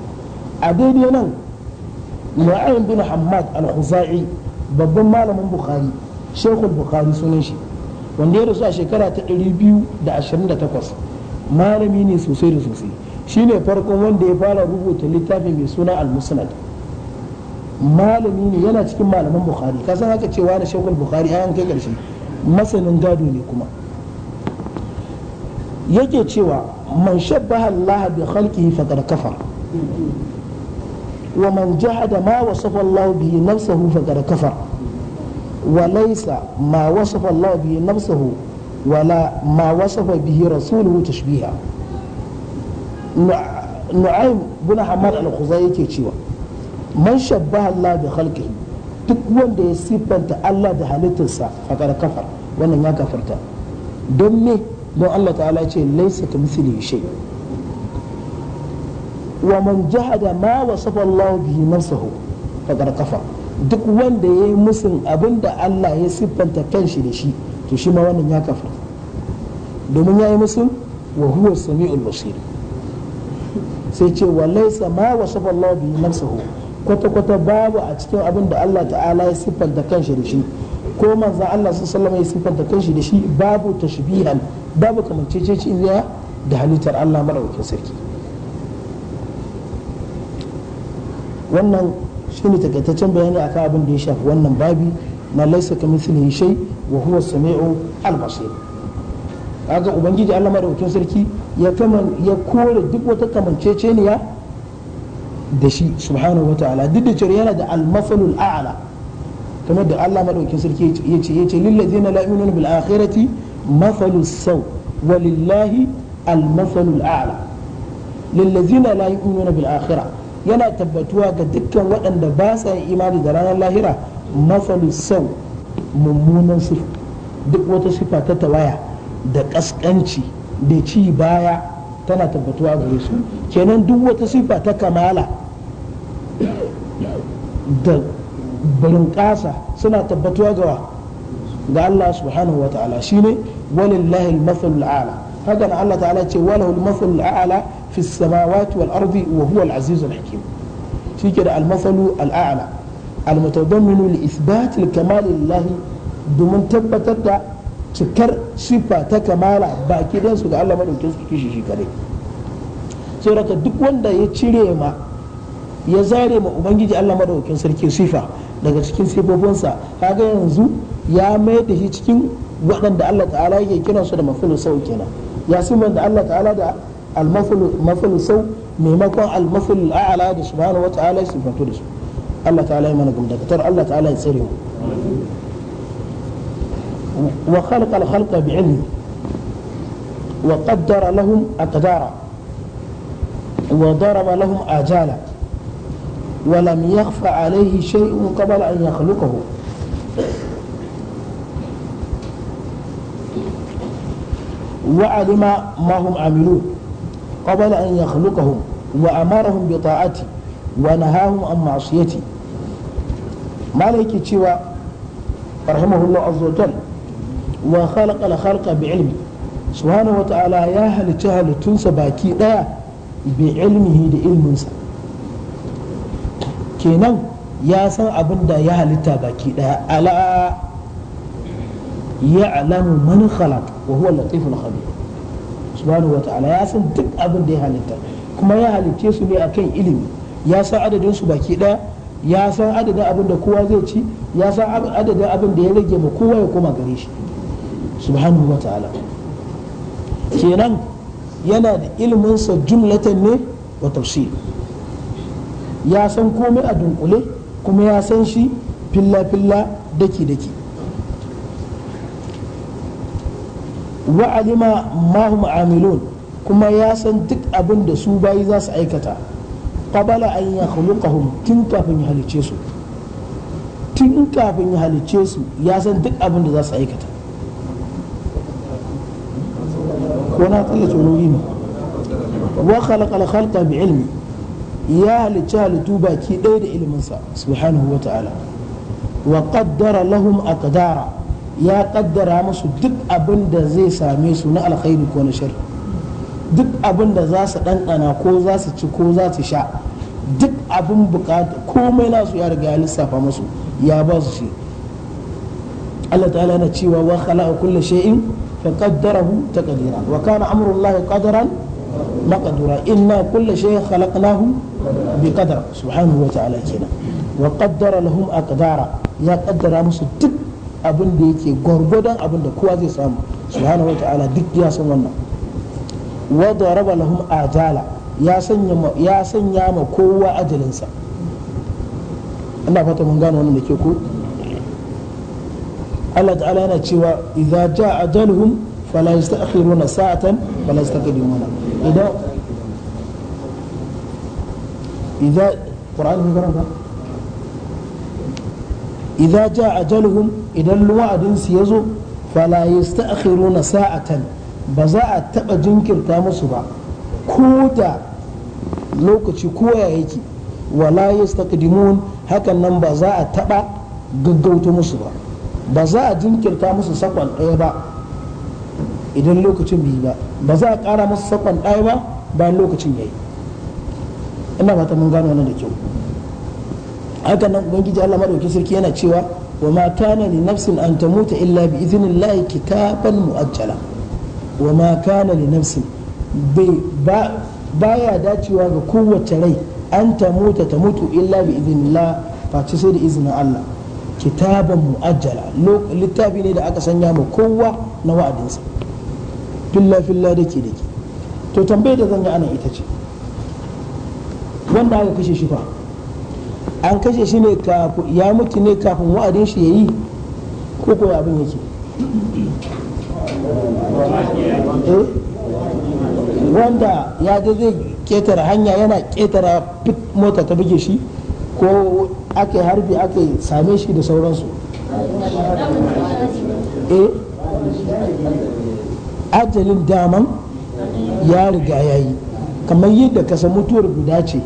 a daidai nan ma'ayin bin hamad al babban malamin bukhari shekul bukhari sunan shi wanda ya rasu a shekara ta 228 malami ne sosai da sosai shine farkon wanda ya fara rubuta littafi mai suna al-musnad malami ne yana cikin malaman bukhari kasan haka cewa na shekul bukhari an kai karshe masanin gado ne kuma yake cewa man shabbaha Allah bi khalqihi faqad kafar wa man jahada ma wasafa Allah bihi nafsahu faqad kafar wa ma wasafa Allah bihi nafsahu wala ma wasafa bihi rasuluhu tashbiha nu'aym bin hamad yake cewa man shabbaha Allah bi khalqihi duk wanda ya siffanta Allah da halittarsa faqad kafar ya kafarta don don Allah ta'ala ce laisa ka misli shai wa man jahada ma wasafa Allah bihi nafsahu faqad kafa duk wanda ya yayi musun abinda Allah ya siffanta kanshi da shi to shi ma wannan ya kafa domin ya yi musun wa huwa samiul basir sai ce wa laisa ma wasafa Allah bihi nafsahu kwata-kwata babu a cikin abin da Allah ta'ala ya siffanta kanshi da shi ko manzan Allah su sallama ya siffanta kanshi da shi babu tashbihan babu kamanceceniya da halittar Allah maɗaukin sarki wannan shi ne takaitaccen bayani akan abin da ya shafi wannan babi na laisa ka shai wa huwa samiu al-basir kaga ubangiji Allah maɗaukin sarki ya ya kore duk wata kamanceceniya da shi subhanahu wataala duk da cewa yana da al-masalul a'la kamar da Allah maɗaukin sarki ya ce lillazina la bil akhirati مثل السوء ولله المثل الأعلى للذين لا يؤمنون بالآخرة yana tabbatuwa ga dukkan waɗanda ba sa yin imani da ranar lahira mafalu sau mummunan su duk wata sifa ta tawaya da ƙasƙanci da ci baya tana tabbatuwa ga su kenan duk wata sifa ta kamala da barin ƙasa suna tabbatuwa ga ga Allah subhanahu wa ta'ala shine walillahi al-masalul a'la haka Allah ta'ala ce walahu al-masalul a'la fi samawati wal ardi wa huwa al-aziz al-hakim shike da al-masalu al-a'la al-mutadamminu li ithbat al-kamal lillahi domin tabbatar da cikar sifa ta kamala baki dan su ga Allah madaukin su kishi shi kare saboda duk wanda ya cire ma ya zare ma ubangiji Allah madaukin sarki sifa daga cikin sifofinsa kaga yanzu ya mai da shi cikin waɗanda Allah ta'ala yake kiran su da mafulu sau kenan ya da Allah ta'ala da al-mafulu sau maimakon al-mafulu a'ala da subhanahu wa ta'ala ya sifantu da su Allah ta'ala ya mana gumdakatar Allah ta'ala ya tsare mu wa khalaqa al-khalqa bi'ilmi wa qaddara lahum aqdara wa daraba lahum ajala ولم يخف عليه شيء قبل أن يخلقه وعلم ما هم عملوه قبل أن يخلقهم وأمرهم بطاعته ونهاهم عن معصيته مالك تشوى رحمه الله عز وجل وخلق الخلق بعلمه سبحانه وتعالى يا هل تهل تنسى باكي دايا بعلمه لإلمنسا كينا يا سن أبن دا يا هل تهل باكي دايا ألا ya'lamu man khalaq wa huwa latiful khabir subhanahu wa ta'ala ya san duk abin da ya halitta kuma ya halicce su ne akan ilimi ya san adadin su baki daya ya san adadin abin da kowa zai ci ya san adadin abin da ya rage ma kowa ya koma gare shi subhanahu wa ta'ala kenan yana da ilimin sa jumlatan ne wa tafsir ya san komai a dunkule kuma ya san shi filla filla daki daki wa alima ma hum amilun kuma ya san duk abin da su bayi za su aikata qabala an yakhluqahum tun kafin ya halice su tun kafin ya halice su ya san duk abin da za su aikata wana tsalla tsorori ne wa khalaqal khalqa bi ilmi ya halicci halittu baki ɗaya da ilminsa subhanahu wa ta'ala wa qaddara lahum aqdara ya kaddara musu duk abin da zai same su na alkhairi ko na shar duk abin da za su ɗanɗana ko za su ci ko za su sha duk abin bukata komai nasu ya riga ya lissafa musu ya ba su shi Allah ta'ala na cewa wa khala'a kulli shay'in fa qaddarahu taqdira wa kana amrullahi qadaran maqdura inna kulli shay'in khalaqnahu bi qadar subhanahu wa ta'ala kina wa qaddara lahum aqdara ya qaddara musu duk abin da yake gwargwadon abin da kowa zai samu subhanahu wata'ala duk ya san wannan wa daraba lahum ajala ya sanya ya sanya ma kowa ajalinsa ina fata mun gano wannan da ke ku. Allah ta'ala yana cewa idza jaa ajaluhum fala yasta'khiruna sa'atan wala yastaqdimuna idan idza qur'an mun karanta idza jaa ajaluhum idan wa'adin su yazo fala yasta'khiruna sa'atan ba za a taɓa jinkirta musu ba ko da lokaci ko ya yake wala yastaqdimun hakan nan ba za a taɓa gaggauta musu ba ba za a jinkirta musu saƙon ɗaya ba idan lokacin bai ba ba za a ƙara musu saƙon ɗaya ba bayan lokacin ya yi ina ba ta mun gano wannan da kyau haka nan ubangiji Allah madauki sarki yana cewa wa ma kana li nafsin an tamuta illa bi idhnillahi kitaban muajjala wa ma kana li nafsin ba baya dacewa ga kowace rai an tamuta tamutu illa bi idhnillah face sai da izinin Allah kitaban muajjala littafi ne da aka sanya ma kowa na wa'adinsa filla filla dake dake to tambayar da zan yi ana ita ce wanda aka kashe shi fa an kashe shi ne kafin ya mutu ne kafin wa'adin shi yi ko ko abin yake eh? wanda ya ji zai ketara hanya yana ketara mota ta buge shi ko ake harbi ake same shi da sauransu eh? ajalin daman ya riga ya yi kamar yadda kasa mutuwar guda ce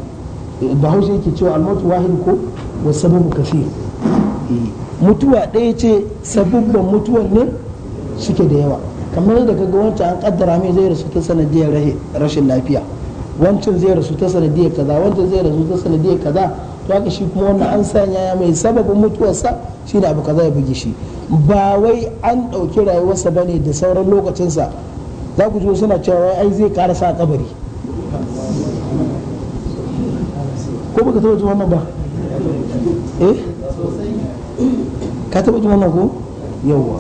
da hausa yake cewa almatu wahid ko wa sababu kafir eh, mutuwa ɗaya ce sababban mutuwan ne suke da yawa kamar yadda ga wancan an kaddara mai zai rasu ta sanadiyar rashin lafiya wancan zai rasu ta sanadiyar kaza wancan zai rasu ta sanadiyar kaza to haka shi kuma wannan an sanya ya mai sababin mutuwarsa shi da abu kaza ya bugi shi ba wai an ɗauki rayuwarsa bane da sauran lokacinsa za ku ji suna cewa ai zai karasa sa kabari ko baka taba ji wannan ba eh ka taba ji wannan ko yawwa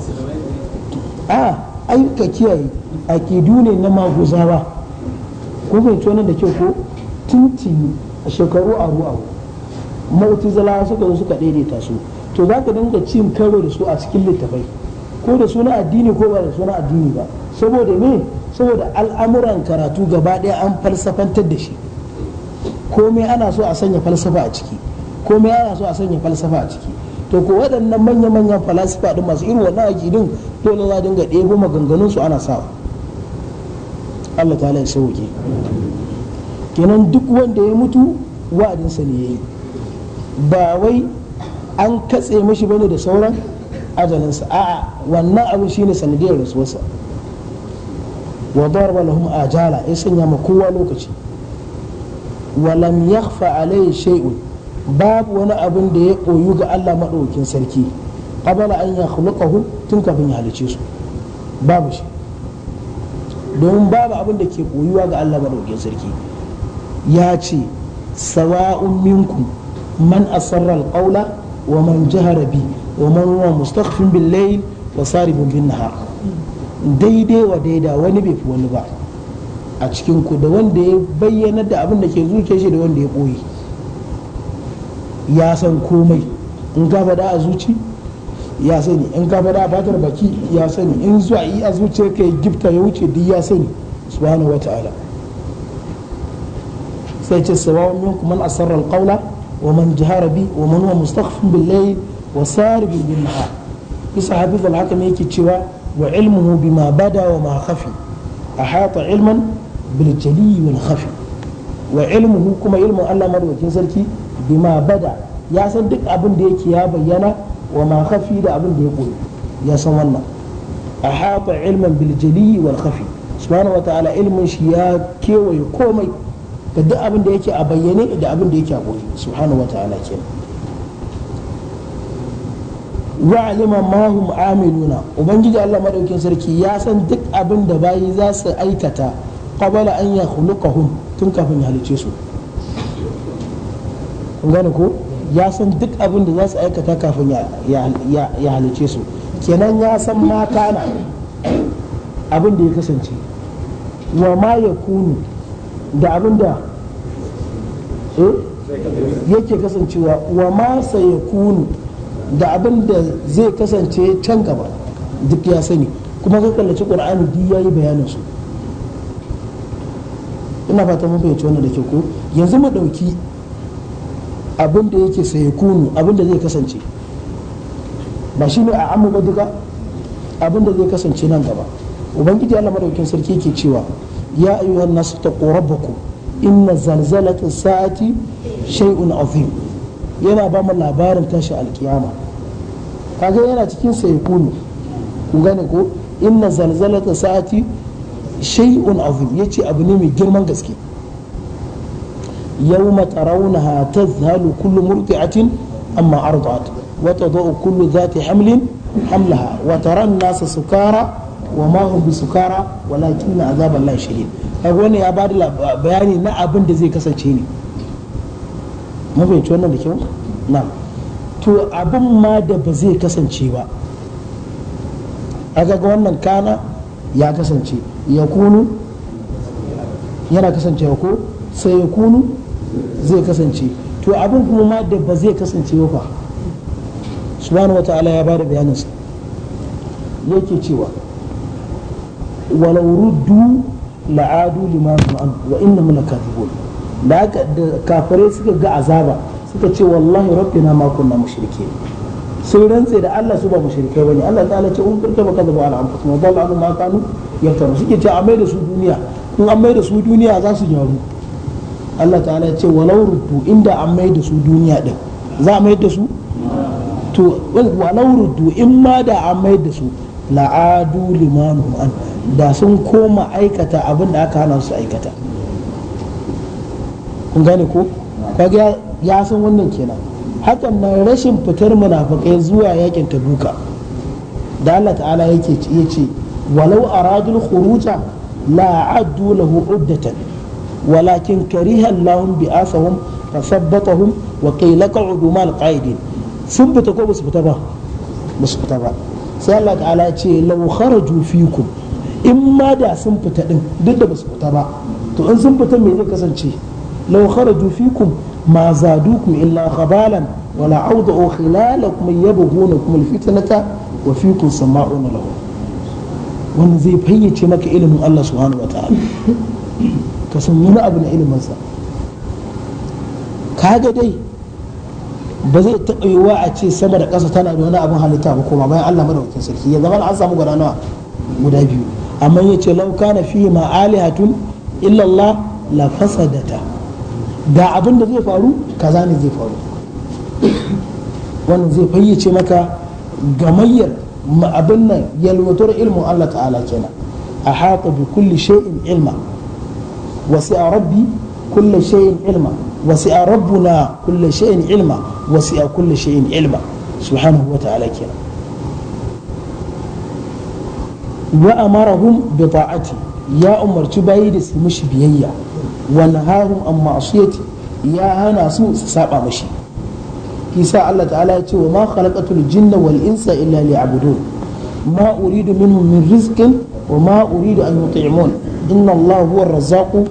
a ai ka kiyaye akidu ne na maguzawa ko bai ci da kyau ko tuntuni a shekaru aru aru mu'tazila suka zo suka daidaita su to za ka dinga cin karo da su a cikin littafai ko da suna addini ko ba da suna addini ba saboda me saboda al'amuran karatu gaba ɗaya an falsafantar da shi komai ana so a sanya falsafa a ciki komai ana so a sanya falsafa a ciki to ko waɗannan manya-manyan falsafa din masu irin wannan akidin dole za dinga ɗebo maganganun su ana sawa Allah ta ya sauke kenan duk wanda ya mutu wa'adinsa ne yayi ba wai an katse mashi bane da sauran ajalinsa a'a wannan abu shine sanadiyar rasuwarsa wa darba lahum ajala ya sanya ma kowa lokaci walam yakhfa alayhi shay'un babu wani abin da ya koyu ga Allah madaukakin sarki qabala an yakhluqahu tun kafin ya halice su babu shi domin babu abin da ke koyuwa ga Allah madaukakin sarki ya ce sawa'un minku man asarra alqawla wa man jahara wa man huwa mustakhfin bil layl wa saribun bin nahar daidai wa daida wani bai fi wani ba a cikin ku da wanda ya bayyana da abin da ke zuciya shi da wanda ya ɓoye ya san komai in ka faɗa a zuci ya sani in ka faɗa a fatar baki ya sani in zuwa yi a zuciya ka yi gifta ya wuce duk ya sani subhanahu wata'ala sai ce sabawan minkum a asarra alqawla wa man jihar bi wa man huwa mustaqfin bil layl wa sarib bin nahar bisa hafiz al-hakim yake cewa wa ilmuhu bima bada wa ma khafi ahata ilman bil jali wal khafi wa ilmuhu kuma ilmin Allah madaukakin sarki bima bada ya san duk abin da yake ya bayyana wa ma khafi da abin da ya koyi ya san wannan ahata ilman bil jali wal khafi subhanahu wataala ilmin shi ya kewaye komai da duk abin da yake a bayyane da abin da yake a koyi subhanahu wataala kenan ya'lima ma hum amiluna ubangiji Allah madaukin sarki ya san duk abin da bayi za su aikata qabala an yakhluqahum tun kafin ya halice su gane ko ya san duk abin da za su aikata kafin ya halice su kenan ya san mata na abin da ya kasance wa ma ya kunu da abin da eh, yake kasancewa wa ma sai ya kunu da abin da zai kasance can gaba duk ya sani kuma ka kallaci ƙur'ani duk ya yi bayanin su ina fata mun fahimci wannan da ke ko yanzu mu dauki abin da yake sai kunu abin zai kasance ba shi ne a amma ba duka abin zai kasance nan gaba ubangiji Allah madaukakin sarki yake cewa ya ayyuhan nasu taqu rabbakum inna ta sa'ati shay'un azim yana ba mu labarin tashi alkiyama kaga yana cikin sai kunu ku gane ko inna ta sa'ati shay'un azim yace abu ne mai girman gaske yawma tarawunaha tazhalu kullu murti'atin amma arda'at wa tadau kullu ta hamlin hamlaha wa tara an-nasa sukara wa ma hum sukara walakin azab Allah shadid kaga wani ya bada bayani na abin da zai kasance ne mun fahimci wannan da kyau na to abin ma da ba zai kasance ba aga ga wannan kana ya kasance yakunu yana kasancewa ko sai yakunu zai kasance to abin kuma ma da ba zai kasance ba subhanahu wata'ala ya bada bayaninsa yake cewa walau ruddu la'adu limanu an wa innahum lakadibun da kafare suka ga azaba suka ce wallahi rabbina ma kunna mushrike sun rantse da Allah su ba mushrike bane Allah ta'ala ce un kirka baka zaba ala ma wa dalla anhum ma kanu yaftaru suke ce a mai da su duniya in an mai da su duniya za su gyaru Allah ta'ala ya ce walau ruddu inda an mai da su duniya din za a mai da su to walau ruddu in ma da an mai da su la'adu limanu an da sun koma aikata abin da aka hana su aikata kun gane ko kaga ya san wannan kenan hakan na rashin fitar munafikai zuwa yakin tabuka da Allah ta'ala yake ce ولو أرادوا الخروج لأعدوا له عدة ولكن كره اللهم بآثهم فثبتهم وقيل قعدوا مع القائدين sun fita ko basu fita ba basu fita ba sai Allah ce law kharaju fikum in ma da sun fita din duk da basu fita ba to in sun fita me zai kasance law kharaju fikum ma zadukum illa khabalan wala awda'u khilalakum yabghunakum alfitnata wa wanda zai fayyace maka ilimin Allah subhanahu wataala ka san wani abu na iliminsa kaga dai ba zai taɓa yiwuwa a ce sama da ƙasa tana da wani abin halitta ba kuma bayan Allah madaukakin sarki ya zama an samu guda guda biyu amma ya ce lauka na fi ma alihatun illallah la fasadata da abin da zai faru kaza ne zai faru wannan zai fayyace maka gamayyar abin nan yalwatar ilmin Allah ta'ala kenan a haƙa bi kulli shay'in ilma wasi a rabbi kulli shay'in ilma wasi a rabbuna kulli shay'in ilma wasi a kulli shay'in ilma subhanahu wa ta'ala kenan wa amarahum bi ta'ati ya umarci bayi da su mishi biyayya wa nahahum an ma'asiyati ya hana su su saba mashi kisa Allah ta'ala ya ce wa ma khalaqatul jinna wal insa illa liya'budun ma uridu minhum min rizqin wa ma uridu an yut'imun inna Allah huwa ar-razzaqu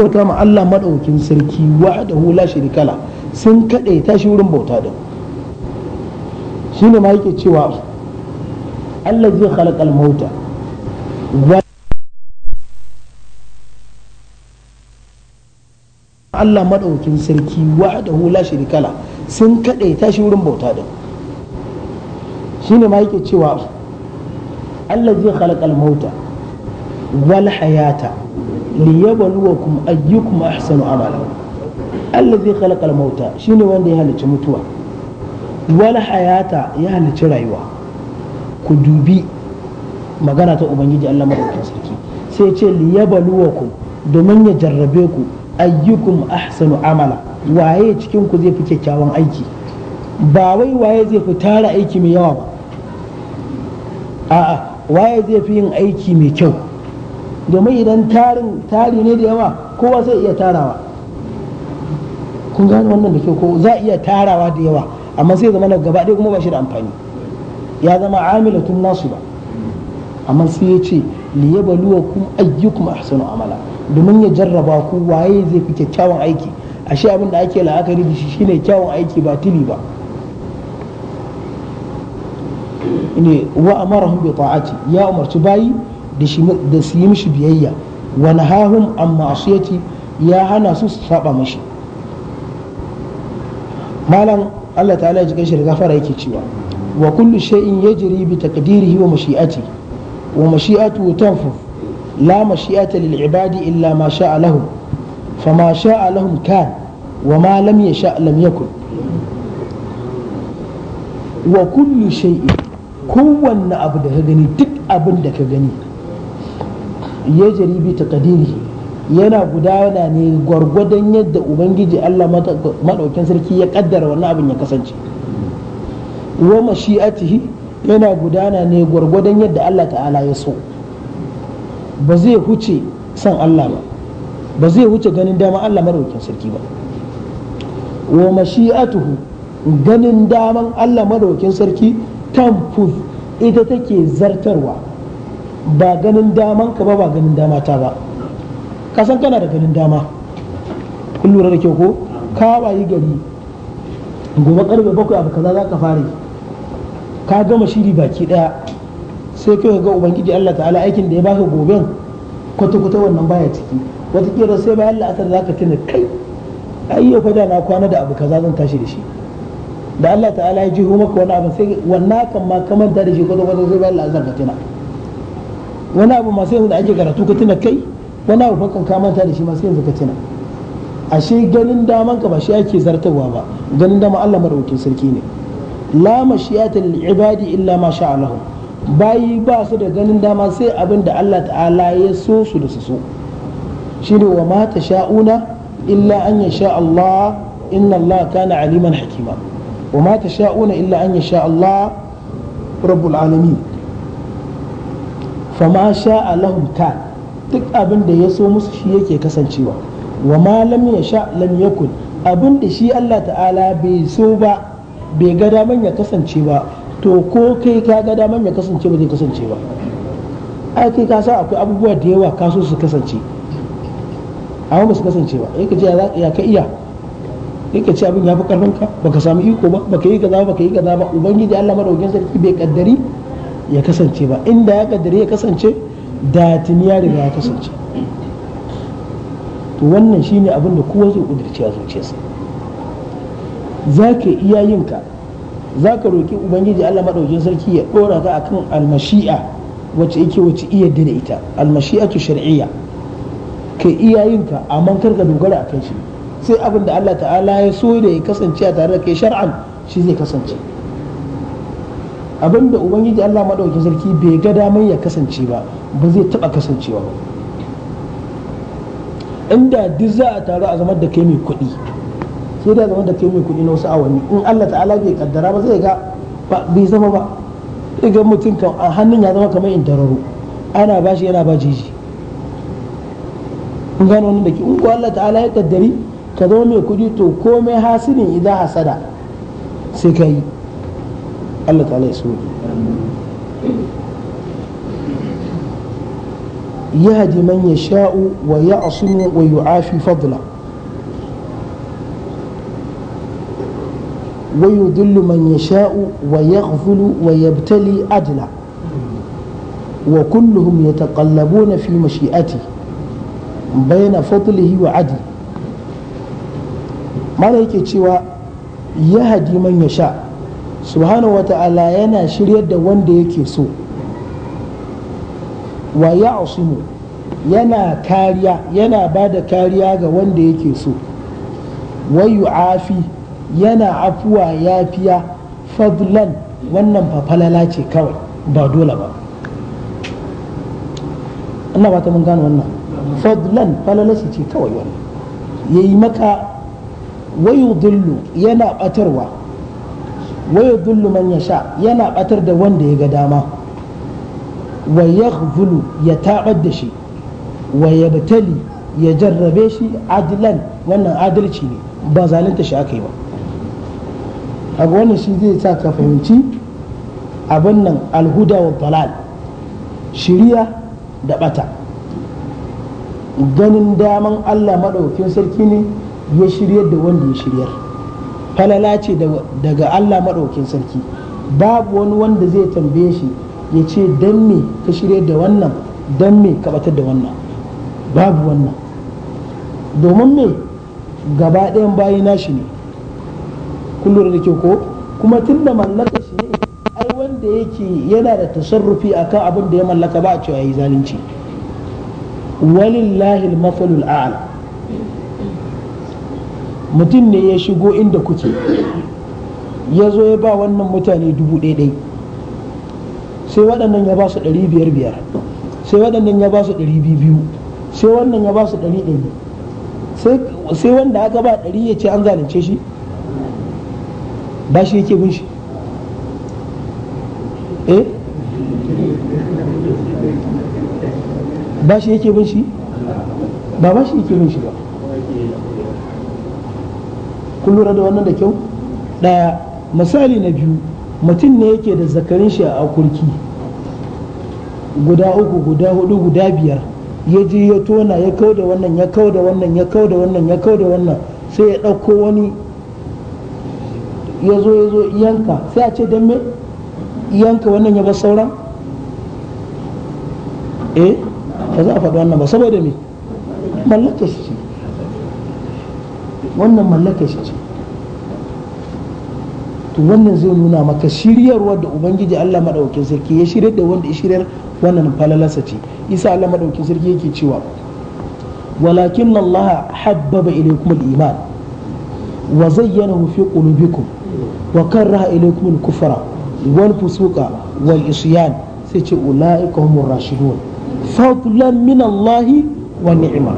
bauta ma Allah madaukakin sarki wahdahu la sharika la sun kadaita shi wurin bauta da. din shine ma yake cewa Allah zai khalaqal mauta Allah madaukakin sarki wahdahu la sharika la sun kadaita shi wurin bauta da. din shine ma yake cewa Allah zai khalaqal mauta wal hayata liyabluwakum ayyukum ahsanu amala allazi khalaqal mauta shine wanda ya halicci mutuwa wal hayata ya halicci rayuwa ku dubi magana ta ubangiji Allah madaukakin sarki sai ce liyabluwakum domin ya jarrabe ku ayyukum ahsanu amala waye cikin ku zai fi kyakkyawan aiki ba wai waye zai fi tara aiki mai yawa ba a'a waye zai fi yin aiki mai kyau domin idan tarin tari ne da yawa kowa zai iya tarawa kun gane wannan da ke ko za iya tarawa da yawa amma sai zama na gaba ɗaya kuma ba shi da amfani ya zama tun nasu ba amma sai ya ce kuma ayyukum ahsanu amala domin ya jarraba ku waye zai fi kyakkyawan aiki ashe abin da ake la'akari da shi shine kyawun aiki ba tuni ba ne wa amarahum bi ta'ati ya umarci bayi da su yi mishi biyayya Wani nahahum amma ma'asiyati ya hana su su saba mashi malam Allah ta'ala ya ji kanshi da gafara yake cewa wa kullu shay'in yajri bi taqdirihi wa mashi'ati wa mashi'atu tanfu la mashi'ata lil ibadi illa ma sha'a lahum ma sha'a lahum kan wa ma lam yasha lam yakun wa kullu shay'in kowanne abu da ka gani duk abin da ka gani jaribi ta kadiri yana gudana ne gwargwadon yadda ubangiji Allah maɗaukin sarki ya kaddara wannan abin ya kasance wa mashi'atihi yana gudana ne gwargwadon yadda Allah ta'ala ya so ba zai huce san Allah ba ba zai huce ganin dama Allah maɗaukin sarki ba wa mashi'atuhu ganin daman Allah maɗaukin sarki tamfuz ita take zartarwa ba ganin daman ka ba ba ganin dama ta ba ka san kana da ganin dama kun lura da kyau ko ka wayi gari gobe karfe bakwai abu kaza za ka fare ka gama shiri baki daya sai kai ga ubangiji Allah ta'ala aikin da ya baka goben kwata-kwata wannan baya ciki kira sai bayan la'asar za ka tuna kai ai ya fada na kwana da abu kaza zan tashi da shi da Allah ta'ala ya jiho maka wani abu sai wannan kan ma kamanta da shi kwata-kwata sai bayan la'asar ka tuna wani abu masu yanzu da ake karatu ka tuna kai wani abu bakan ka manta da shi masu yanzu ka tuna ashe ganin daman ka ba shi ake zartarwa ba ganin dama Allah madaukakin sarki ne la mashiyata lil ibadi illa ma sha Allah bayi ba su da ganin dama sai abin da Allah ta'ala ya so su da su so shine wa ma tasha'una illa an yasha Allah inna Allah kana aliman hakima wa ma tasha'una illa an yasha Allah rabbul alamin fama sha a lahuta duk abin da ya so musu shi yake kasancewa wa ma lam ya sha lam yakun abin da shi Allah ta'ala bai so ba bai ga daman ya kasance ba to ko kai ka ga daman ya kasance ba zai kasance ba ai kai ka san akwai abubuwa da yawa ka so su kasance amma ba su kasance ba yake ce ya ka iya yake ce abin ya fi karfinka baka samu iko ba baka yi kaza baka yi kaza ba ubangiji Allah madaukakin sarki bai kaddari ya kasance ba inda ya kaddare ya kasance da ya riga ya kasance to wannan shine ne abinda kowa zai kudirce a zuciyarsa za ka iya yinka za ka roƙi ubangiji allah maɗaukin sarki ya ɗora ka akan almashi'a wacce yake wacce iya dina ita tu shar'iyya ka iya yinka amma kar ka dogara kan shi sai abin da allah ta'ala ya so da ya kasance a tare da kai shar'an shi zai kasance abinda ubangiji Allah madaukakin sarki bai ga damar ya kasance ba ba zai taba kasancewa ba inda duk za a taru a zama da kai mai kuɗi sai da zama da kai mai kuɗi na wasu awanni in Allah ta'ala bai kaddara ba zai ga ba bai zama ba sai ga mutum kan a hannun ya zama kamar in intararo ana bashi yana ba jiji in gano wannan da ke in ko Allah ta'ala ya kaddari ka zama mai kuɗi to komai hasirin idan hasada sai ka yi Allah ta'ala ya soke yahdi man yasha'u wa ya'simu wa yu'afi fadla wa yudillu man yasha'u wa yaghfulu wa yabtali adla وكلهم يتقلبون في مشيئته بين فضله وعدله ما لا يكي cewa ya hadi man ya sha subhanahu wa ta'ala yana shiryar da wanda yake so wa ya yana kariya yana ba da kariya ga wanda yake so wa afi yana afuwa yafiya fadlan wannan fafalala ce kawai ba dole ba ina ba ta mun gano wannan fadlan falala ce kawai wannan yayi maka wayu dillu yana batarwa wa dullu man sha yana batar da wanda ya ga dama wa yaghfulu ya tabar da shi wa batali ya jarrabe shi adilan wannan adalci ne ba zalunta shi aka yi ba abu wannan shi zai sa ka fahimci abin nan alhuda wa dalal shiriya da bata ganin daman Allah maɗaukin sarki ne ya shiryar da wanda ya shiryar falala ce daga Allah maɗaukin sarki babu wani wanda zai tambaye shi ya ce don me ka shirya da wannan don me ka batar da wannan babu wannan domin me gaba ɗayan bayi nashi ne kullum da ke ko kuma tun da mallaka shi ne ai wanda yake yana da tasarrufi a kan abin da ya mallaka ba a cewa yayi zalunci walillahi al-mafalul a'la mutum ne ya shigo inda kuke ya zo ya ba wannan mutane dubu ɗaiɗai sai waɗannan ya ba su ɗari biyar biyar sai waɗannan ya ba su ɗari biyu biyu sai wannan ya ba su ɗari ɗari sai wanda aka ba ɗari ya ce an zalunce shi ba shi yake bin shi eh ba shi yake bin shi ba ba shi yake bin shi ba kun lura da wannan da kyau ɗaya misali na biyu mutum ne yake da zakarin shi a kurki guda uku guda hudu guda biyar ya je ya tona ya kau da wannan ya kau da wannan ya kau da wannan ya kau da wannan sai ya ɗauko wani ya zo ya zo yanka sai a ce don me yanka wannan ya bar sauran eh ba za a faɗi wannan ba saboda me mallaka shi ce wannan mallaka shi ce to wannan zai nuna maka shiryarwa da ubangiji Allah madaukakin sarki ya shiryar da wanda ya shiryar wannan falalarsa ce isa Allah madaukakin sarki yake cewa walakin Allah habbaba ilaykum al-iman wa zayyanahu fi qulubikum wa karraha ilaykum al-kufra wal fusuqa wal isyan sai ce ulaika humur rashidun fadlan min Allah wa ni'ma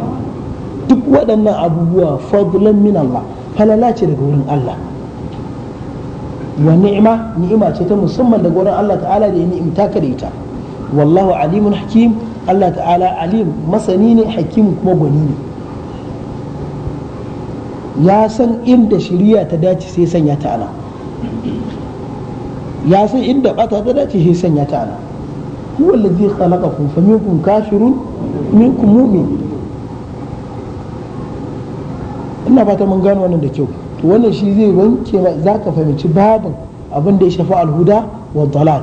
duk waɗannan abubuwa fadlan min Allah falala ce daga wurin Allah wa ni'ima ni'ima ce ta musamman daga wurin Allah ta'ala da ya ni'imta ka da ita wallahu alimun hakim Allah ta'ala alim masani ne hakim kuma gwani ne ya san inda shari'a ta dace sai sanya ta ana ya san inda bata ta dace sai sanya ta ana huwa allazi khalaqakum minkum kafirun minkum mu'min ina fata mun gano wannan da kyau wannan shi zai wanke za ka fahimci babin abin da ya shafi alhuda wa dalal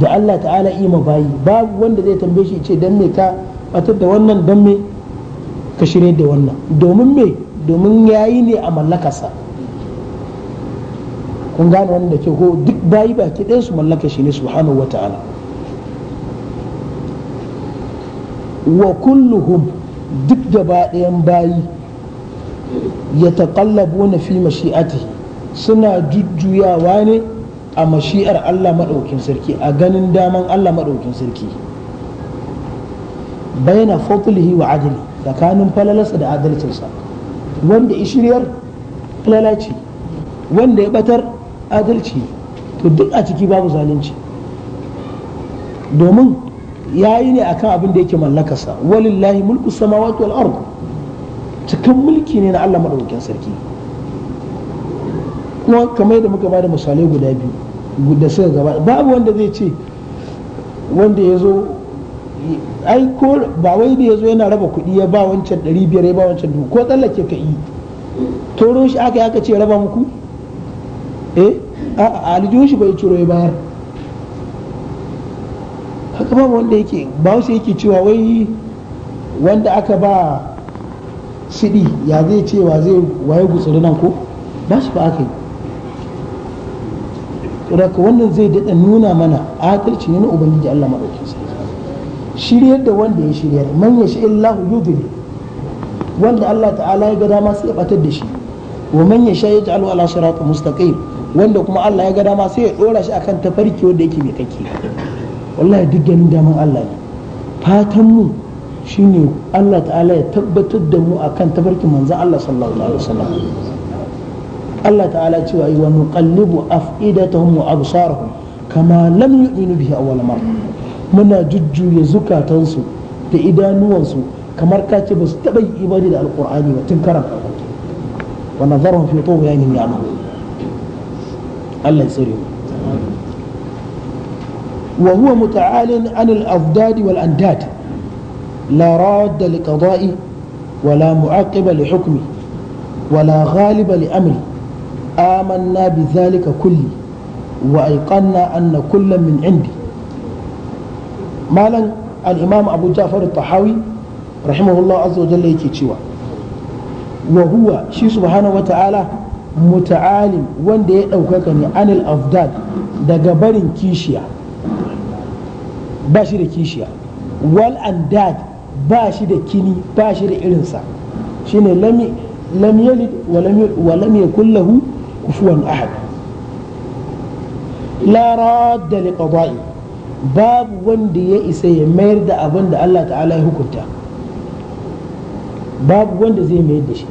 da Allah ta'ala ima bayi babu wanda zai tambaye shi ce dan me ka batar da wannan dan me ka shirye da wannan domin me domin yayi ne a mallakarsa kun gane wannan da ke ko duk bayi baki ɗaya su mallaka shi ne subhanahu wa ta'ala wa kulluhum duk gaba ɗayan bayi Ya yataqallabuna fi mashi'atihi suna jujjuyawa ne a mashi'ar Allah maɗaukin sarki a ganin daman Allah maɗaukin sarki bayana fadlihi wa adli tsakanin falalarsa da adalcinsa wanda ishiryar falala ce wanda ya batar adalci to duk a ciki babu zalunci domin ya yi ne akan abin da yake mallakarsa walillahi mulku samawati wal ardh cikin mulki ne na Allah madaukakin sarki kuma kamar da muka bada misalai guda biyu da suka gaba babu wanda zai ce wanda ya zo ai ko ba wai da ya zo yana raba kuɗi ya ba wancan ɗari biyar ya ba wancan dubu ko tsallake ka yi toro shi aka aka ce raba muku eh a aljo shi bai ciro ya bayar haka ba wanda yake ba wasu yake cewa wai wanda aka ba siɗi ya zai cewa zai waye gutsuri nan ko ba shi ba aka yi raka wannan zai daɗa nuna mana adalci ne na ubangiji Allah maɗaukin sarki shiryar da wanda ya shiryar man ya shi illahu yudhil wanda Allah ta'ala ya ga dama sai ya batar da shi wa man ya sha yaj'alu ala siratin mustaqim wanda kuma Allah ya ga dama sai ya dora shi akan tafarki wanda yake mai kake wallahi duk ganin daman Allah ne fatan mu shine Allah ta'ala ya tabbatar da mu akan tafarkin manzo Allah sallallahu alaihi wasallam Allah ta'ala cewa yi wa nuqallibu af'idatahum wa absarahum kama lam yu'minu bihi awwal marra muna jujjuya zukatansu da idanuwansu kamar ka ce ba su taɓa yi ibadi da alƙur'ani ba tun karam. wa nazarhum fi tughyanihim ya'malun Allah ya tsare wa huwa muta'alin anil afdadi wal andad لا راد لقضائي ولا معقب لحكمي ولا غالب لأمري آمنا بذلك كله وأيقنا أن كل من عندي مالا الإمام أبو جعفر الطحاوي رحمه الله عز وجل يكي وهو شي سبحانه وتعالى muta'alim wanda ya ɗaukaka ne anil afdad daga barin kishiya ba shi da kishiya wal andad ba shi da kini ba shi da irinsa kufuwan ahad babu wanda ya isa ya mayar da abin da Allah ta'ala ya hukunta babu wanda zai mayar da shi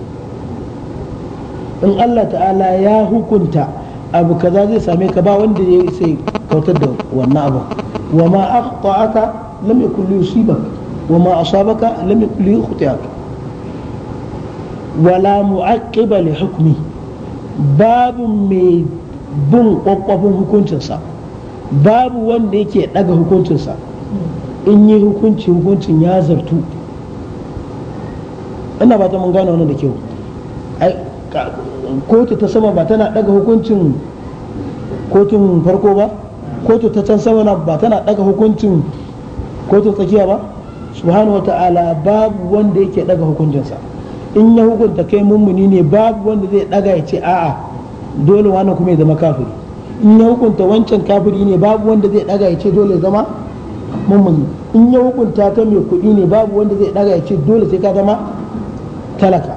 in Allah ta'ala ya hukunta abu kaza zai same ka ba wanda ya isa ya kautar da wannan abu wa ma lam Wa ma وما أصابك لم يكن ليخطئك ولا معقب لحكمه باب مي bin kwakwafin hukuncinsa babu wanda yake daga hukuncinsa in yi hukunci hukuncin ya zartu ina ba ta mun gano wannan da kyau kotu ta sama ba tana daga hukuncin kotun farko ba kotu ta can sama ba tana daga hukuncin kotun tsakiya ba subhanahu ta'ala babu wanda yake daga hukuncinsa in ya hukunta kai mummuni ne babu wanda zai daga ya ce a'a dole wani kuma ya zama kafiri in ya hukunta wancan kafiri ne babu wanda zai daga ya ce dole ya zama mummuni in ya hukunta ta mai kuɗi ne babu wanda zai daga ya ce dole sai ka zama talaka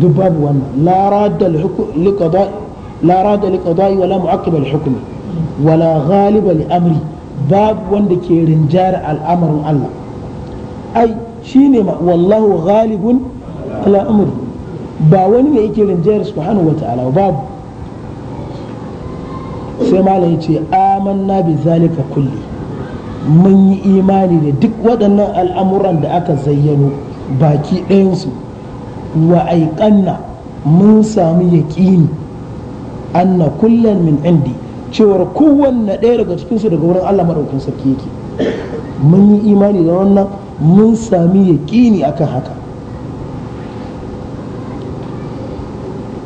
duk babu wannan la radda liqada'i la radda liqada'i wala mu'aqqiba al-hukmi wala ghaliba li amri babu wanda ke rinjar al'amarin Allah ai shine wallahu ghalibun ala ba wani ne yake rinjayar subhanahu ba babu sai malam ce amanna bi zalika kulli mun yi imani da duk waɗannan al'amuran da aka zayyano baki ɗayansu wa aiƙanna mun samu yaƙini anna kullen min indi cewar kowanne ɗaya daga cikinsu daga wurin Allah maɗaukin sarki yake mun yi imani da wannan mun sami yaƙini akan haka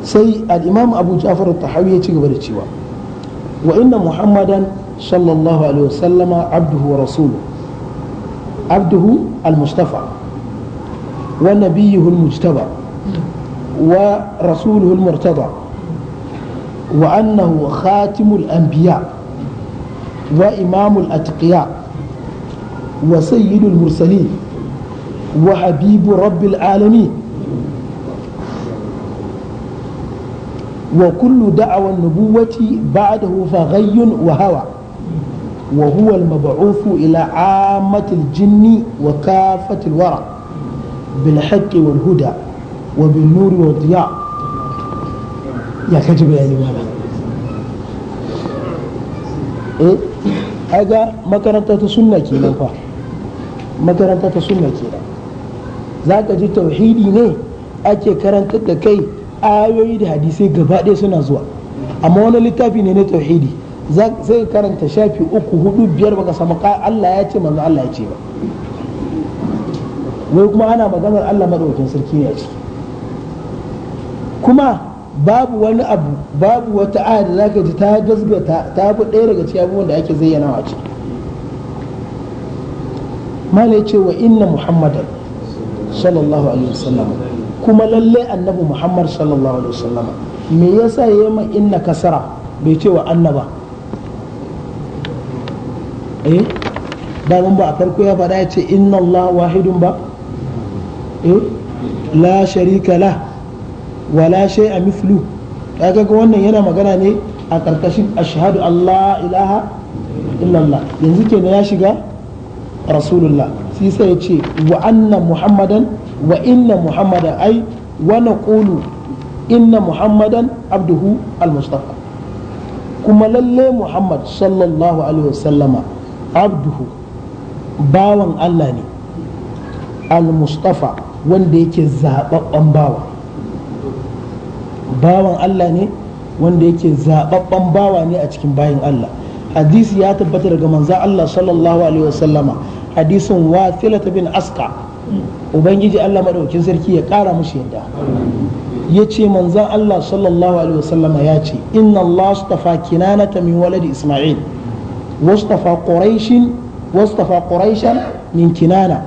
sai al'imamu abu ja'far tahawi ya ci gaba da cewa wa inna muhammadan sallallahu alaihi wasallama abduhu wa rasulu abduhu al-mustafa wa nabiyuhu al-mujtaba wa rasuluhu al-murtada wa annahu khatimul anbiya wa imamul atqiya وسيد المرسلين وحبيب رب العالمين وكل دعوى النبوة بعده فغي وهوى وهو المبعوث إلى عامة الجن وكافة الورى بالحق والهدى وبالنور والضياء يا كتب يا إمام إيه؟ أجا ما كانت تسنة كي makaranta ta sunna da za ka ji tauhidi ne ake karantar da kai ayoyi da hadisai gaba ɗaya suna zuwa amma wani littafi ne na tauhidi zai karanta shafi uku hudu biyar baka samu Allah ya ce manzo Allah ya ce ba wai kuma ana maganar Allah madaukakin sarki ne a ciki kuma babu wani abu babu wata aya da zaka ji ta gasgata ta bi ɗaya daga cikin abubuwan da ake zayyana a ciki malai ce wa inna muhammadan sallallahu alaihi wasallam kuma lalle annabi muhammad sallallahu alaihi wasallam me yasa ya ma inna kasara bai ce wa annaba eh mun ba a farko ya faɗa ya ce inna allah wahidun ba eh la sharika la wala shay a mithlu kaga wannan yana magana ne a ƙarƙashin ashhadu allah ilaha illallah yanzu kenan ya shiga rasulullah shi sai ya ce wa anna muhammadan wa inna muhammadan ai wa naqulu inna muhammadan abduhu al-mustafa kuma lalle muhammad sallallahu alaihi wasallama abduhu bawan allah ne al-mustafa wanda yake zababban bawa bawan allah ne wanda yake zababban bawa ne a cikin bayin allah hadisi ya tabbata daga manzo Allah sallallahu alaihi wasallama hadisin filata bin aska ubangiji Allah maɗaukin sarki ya kara mushi yadda ya ce manzan Allah sallallahu alaihi wasallama ya ce inna Allah stafa kinanata min waladi Ismail wastafa quraishin wastafa quraishan min kinana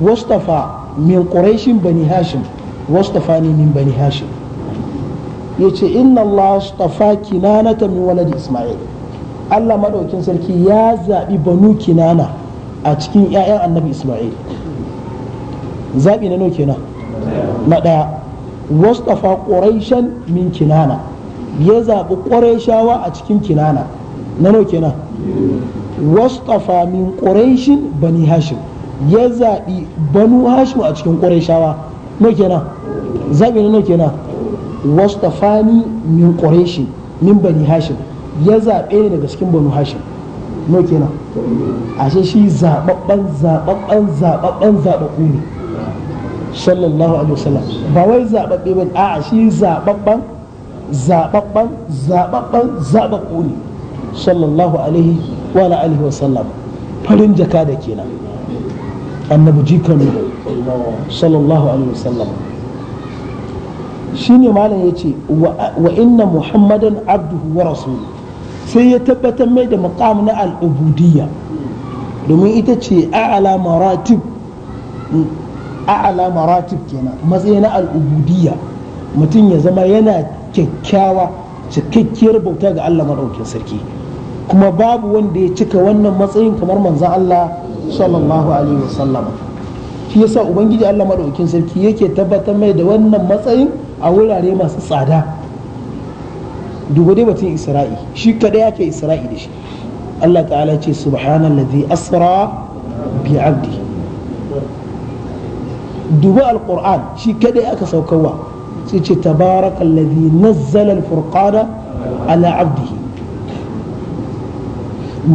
wasu wastafa min quraishin bani hashim wastafa ni min bani hashim ya ce inna Allah stafa kinanata min waladi Ismail Allah maɗaukin sarki ya zaɓi banu kinana a cikin 'ya'yan annabi isma'il zaɓi na nauke na na ɗaya wastafa ƙorashen min kinana ya zaɓi ƙorashawa a cikin kinana na nauke na wastafa min ƙorashin bani hashim ya zaɓi banu hashim a cikin ƙorashawa nauke na zaɓi na nauke na wastafa min ƙorashin min bani hashim ya zaɓe ne daga cikin banu hashim no kenan ashe shi zababban zababban zababban zababbu ne sallallahu alaihi wasallam ba wai zababbe ba a'a shi zababban zababban zababban zababbu ne sallallahu alaihi wa alihi wasallam farin jaka da kenan annabi jikan sallallahu alaihi wasallam shine malam yace wa inna muhammadan abduhu wa rasuluhu sai ya tabbatar mai da maqam na al'ubudiyya domin ita ce a'ala maratib a'ala maratib kenan matsayi na al'ubudiyya mutum ya zama yana kyakkyawa cikakkiyar bauta ga Allah maɗaukin sarki kuma babu wanda ya cika wannan matsayin kamar manzan Allah sallallahu alaihi wasallam shi yasa ubangiji Allah maɗaukin sarki yake tabbatar mai da wannan matsayin a wurare masu tsada duba dai batun isra'i shi kada yake isra'i da shi Allah ta'ala ce subhanallazi asra bi 'abdi duba alquran shi kada aka saukarwa sai ce tabarakallazi nazzala alfurqana ala 'abdihi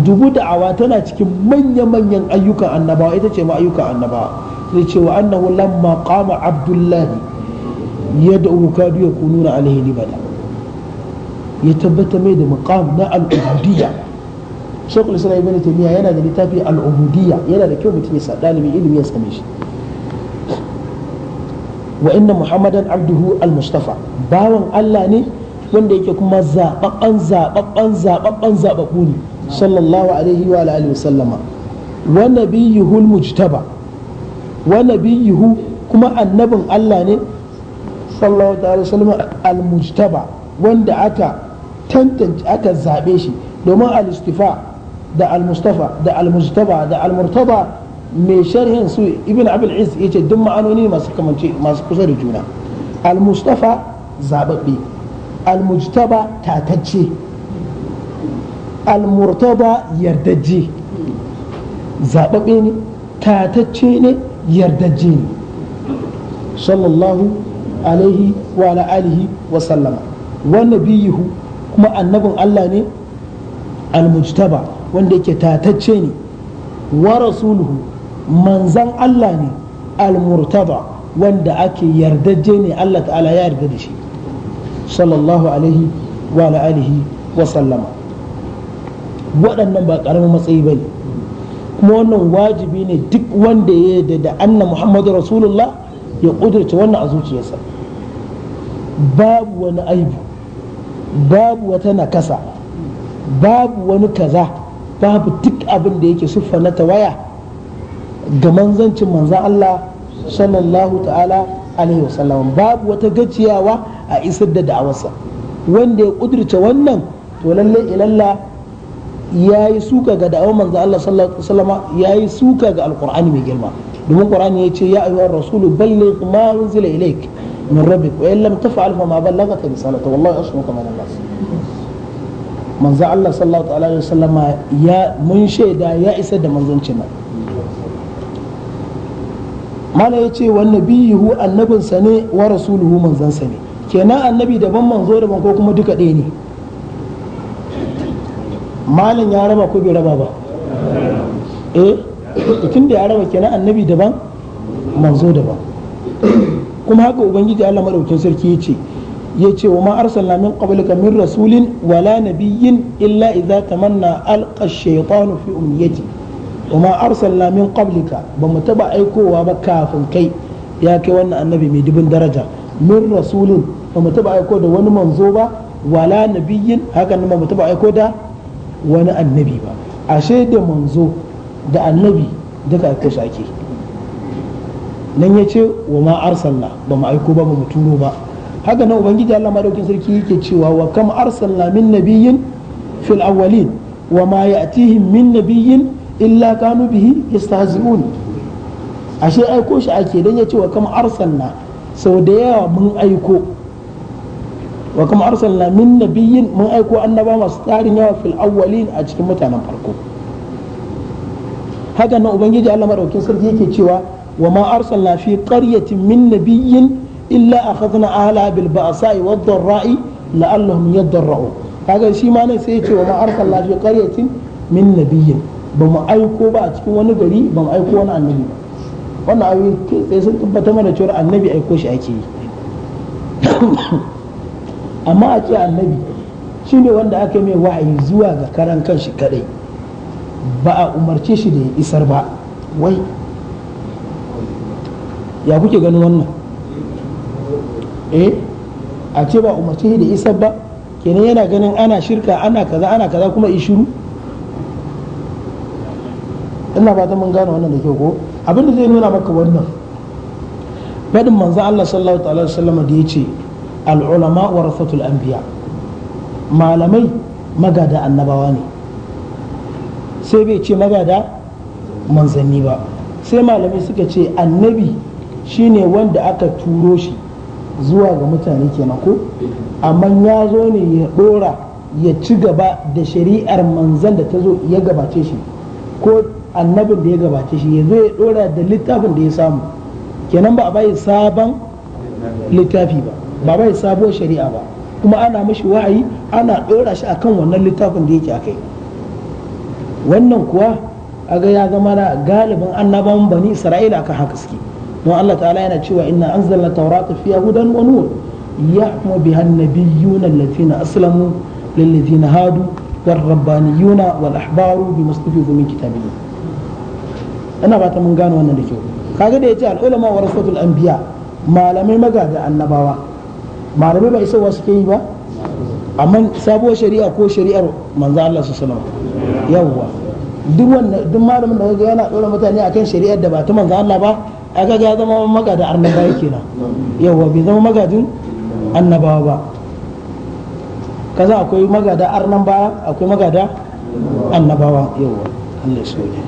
dubu da'awa tana cikin manya-manyan ayyukan annabawa ita ce ma annabawa sai ce wa annahu lamma qama abdullahi yad'u kadu yakununa alaihi libada ya tabbata mai da maqam na al'ubudiyya shekul islam ibn taymiya yana da littafi al'ubudiyya yana da kyau mutum ya sa dalibin ilimi ya same shi wa inna muhammadan abduhu al-mustafa bawan Allah ne wanda yake kuma zababban zababban zababban zababbu ne sallallahu alaihi wa alihi wasallama wa nabiyuhu al-mujtaba wa nabiyuhu kuma annabin Allah ne sallallahu alaihi Sallama al-mujtaba wanda aka tantance aka zaɓe shi domin al-istifa da al-mustafa da al-mustaba da al-murtada mai sharhin su ibn abul is yace duk ma'anoni masu kamance masu kusa da juna al-mustafa zababbe al-mujtaba tatacce al-murtada yardajje zababbe ne tatacce ne yardajje ne sallallahu alaihi wa ala alihi wa sallama wa nabiyuhu kuma annabin Allah ne almujtaba wanda yake tatacce ne wa rasuluhu manzan Allah ne almurtaba wanda ake yardaje ne Allah ta'ala ya yarda da shi sallallahu alaihi wa alihi wa sallama waɗannan ba ƙaramin matsayi ba ne kuma wannan wajibi ne duk wanda ya yarda da anna muhammadu rasulullah ya ƙudurce wannan a zuciyarsa babu wani aibu babu wata nakasa babu wani kaza babu duk abin da yake siffa na tawaya ga manzancin manzan Allah sallallahu ta'ala alaihi wasallam babu wata gajiyawa a isar da da'awarsa wanda ya kudirce wannan to lalle ilalla ya yi suka ga da'awar manzan Allah sallallahu alaihi wasallam ya yi suka ga alqur'ani mai girma domin qur'ani ya ce ya ayyuhar rasulu balligh ma unzila ilaik من ربك وإن لم تفعل فما بلغت رسالته والله يعصمك من الناس من زعل الله صلى الله عليه وسلم يا من شهد يا إسد من زنشنا ما لا يتي والنبي هو النبي سنة ورسوله من زن سنة كنا النبي دبن من زور من كوكما دكا ديني ما لن يعرف أكو بيربا با إيه تكن دي عربا كنا النبي دبن من زور دبن kuma haka ubangiji Allah madaukin sarki yace yace wa ma arsalna min qablika min rasulin wala nabiyyin illa idza tamanna alqa ash-shaytanu fi umniyati wa ma arsalna min qablika bamu taba aikowa ba kafin kai ya kai wannan annabi mai dubin daraja min rasulin bamu taba aiko da wani manzo ba wala nabiyyin haka nan bamu taba aiko da wani annabi ba ashe da manzo da annabi duka aiko su ake nan ya ce wa ma arsalna ba mu aiko ba ba mu turo ba haka nan ubangiji Allah madaukin sarki yake cewa wa kam arsalna min nabiyyin fil awwalin wa ma ya'tihim min nabiyyin illa kanu bihi yastahzi'un ashe aiko shi ake dan ya ce wa kam arsalna sau da yawa mun aiko wa kam arsalna min nabiyyin mun aiko annaba masu tarin yawa fil awwalin a cikin mutanen farko haka nan ubangiji Allah madaukin sarki yake cewa وما أرسلنا في قرية من نبي إلا أخذنا أهلها بالبأساء والضراء لعلهم يضرعون هذا الشيء ما nan sai ya في قرية من نبي بما min nabiyyin ba mu aiko ba a cikin wani gari ba mu aiko annabi wannan ayoyi sai sun tabbata mana cewa annabi aiko shi ake yi amma a ce annabi shi wanda aka mai wahayi zuwa ga karan kanshi kadai ba a umarce shi da ya isar ba wai ya kuke ganin wannan eh a ce ba umarci da isar ba kenan yana ganin ana shirka ana kaza ana kaza kuma ishuru ina ba mun gane wannan da kyau ko abinda zai nuna maka wannan fadin manzo Allah sallallahu alaihi wasallam da yace al ulama warathatul anbiya malamai magada annabawa ne sai bai ce magada manzanni ba sai malamai suka ce annabi shine wanda aka turo shi zuwa ga mutane kenan ko amma ya zo ne ya dora ya ci gaba da shari'ar manzan da ta zo ya gabace shi ko annabin da ya gabace shi ya zo ya dora da littafin da ya samu kenan ba a bai sabon littafi ba ba bai sabuwar shari'a ba kuma ana mashi wa'ayi ana dora shi akan wannan littafin da yake akai wannan kuwa aga ya zama na galibin annaban bani isra'ila akan haka suke don Allah ta'ala yana cewa inna anzalna tawrata fiha hudan wa nur yahmu biha an-nabiyyuna alladhina aslamu hadu والربانيون والأحبار بما استفيضوا من كتاب الله أنا بات من قانو da لكيو كاقد يجي العلماء ورثة الأنبياء ما لم يمقاد النبوة ما لم malamai يسوى سكيه با أما سابوا شريعة كو شريعة من ذا الله صلى الله duk wannan duk malamin da kaga yana dora mutane akan shari'ar da ba ta manzo Allah ba a kaga ya zama magadin annabawa kenan yawa bai zama magadin annabawa ba kaza akwai magada arnan baya akwai magada annabawa yawa Wa ya soke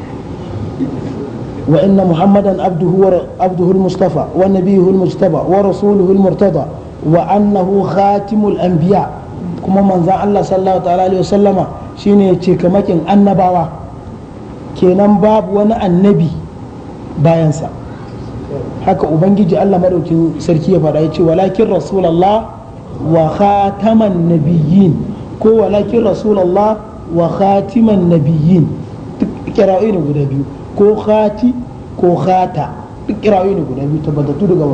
wa inna muhammadan abduhul mustafa wa nabiyuhul mustafa wa rasuluhul murtada wa annahu khatimul anbiya kuma manzan allah sallallahu ta'ala alaihi wasallama shine ce annabawa kenan babu wani annabi bayansa haka ubangiji Allah madaukin sarki ya faɗa ya ce walakin rasulallah wa khataman nabiyyin ko walakin rasulallah wa khatiman nabiyyin duk kira'o'i ne guda biyu ko khati ko khata duk kira'o'i ne guda biyu tabbatattu daga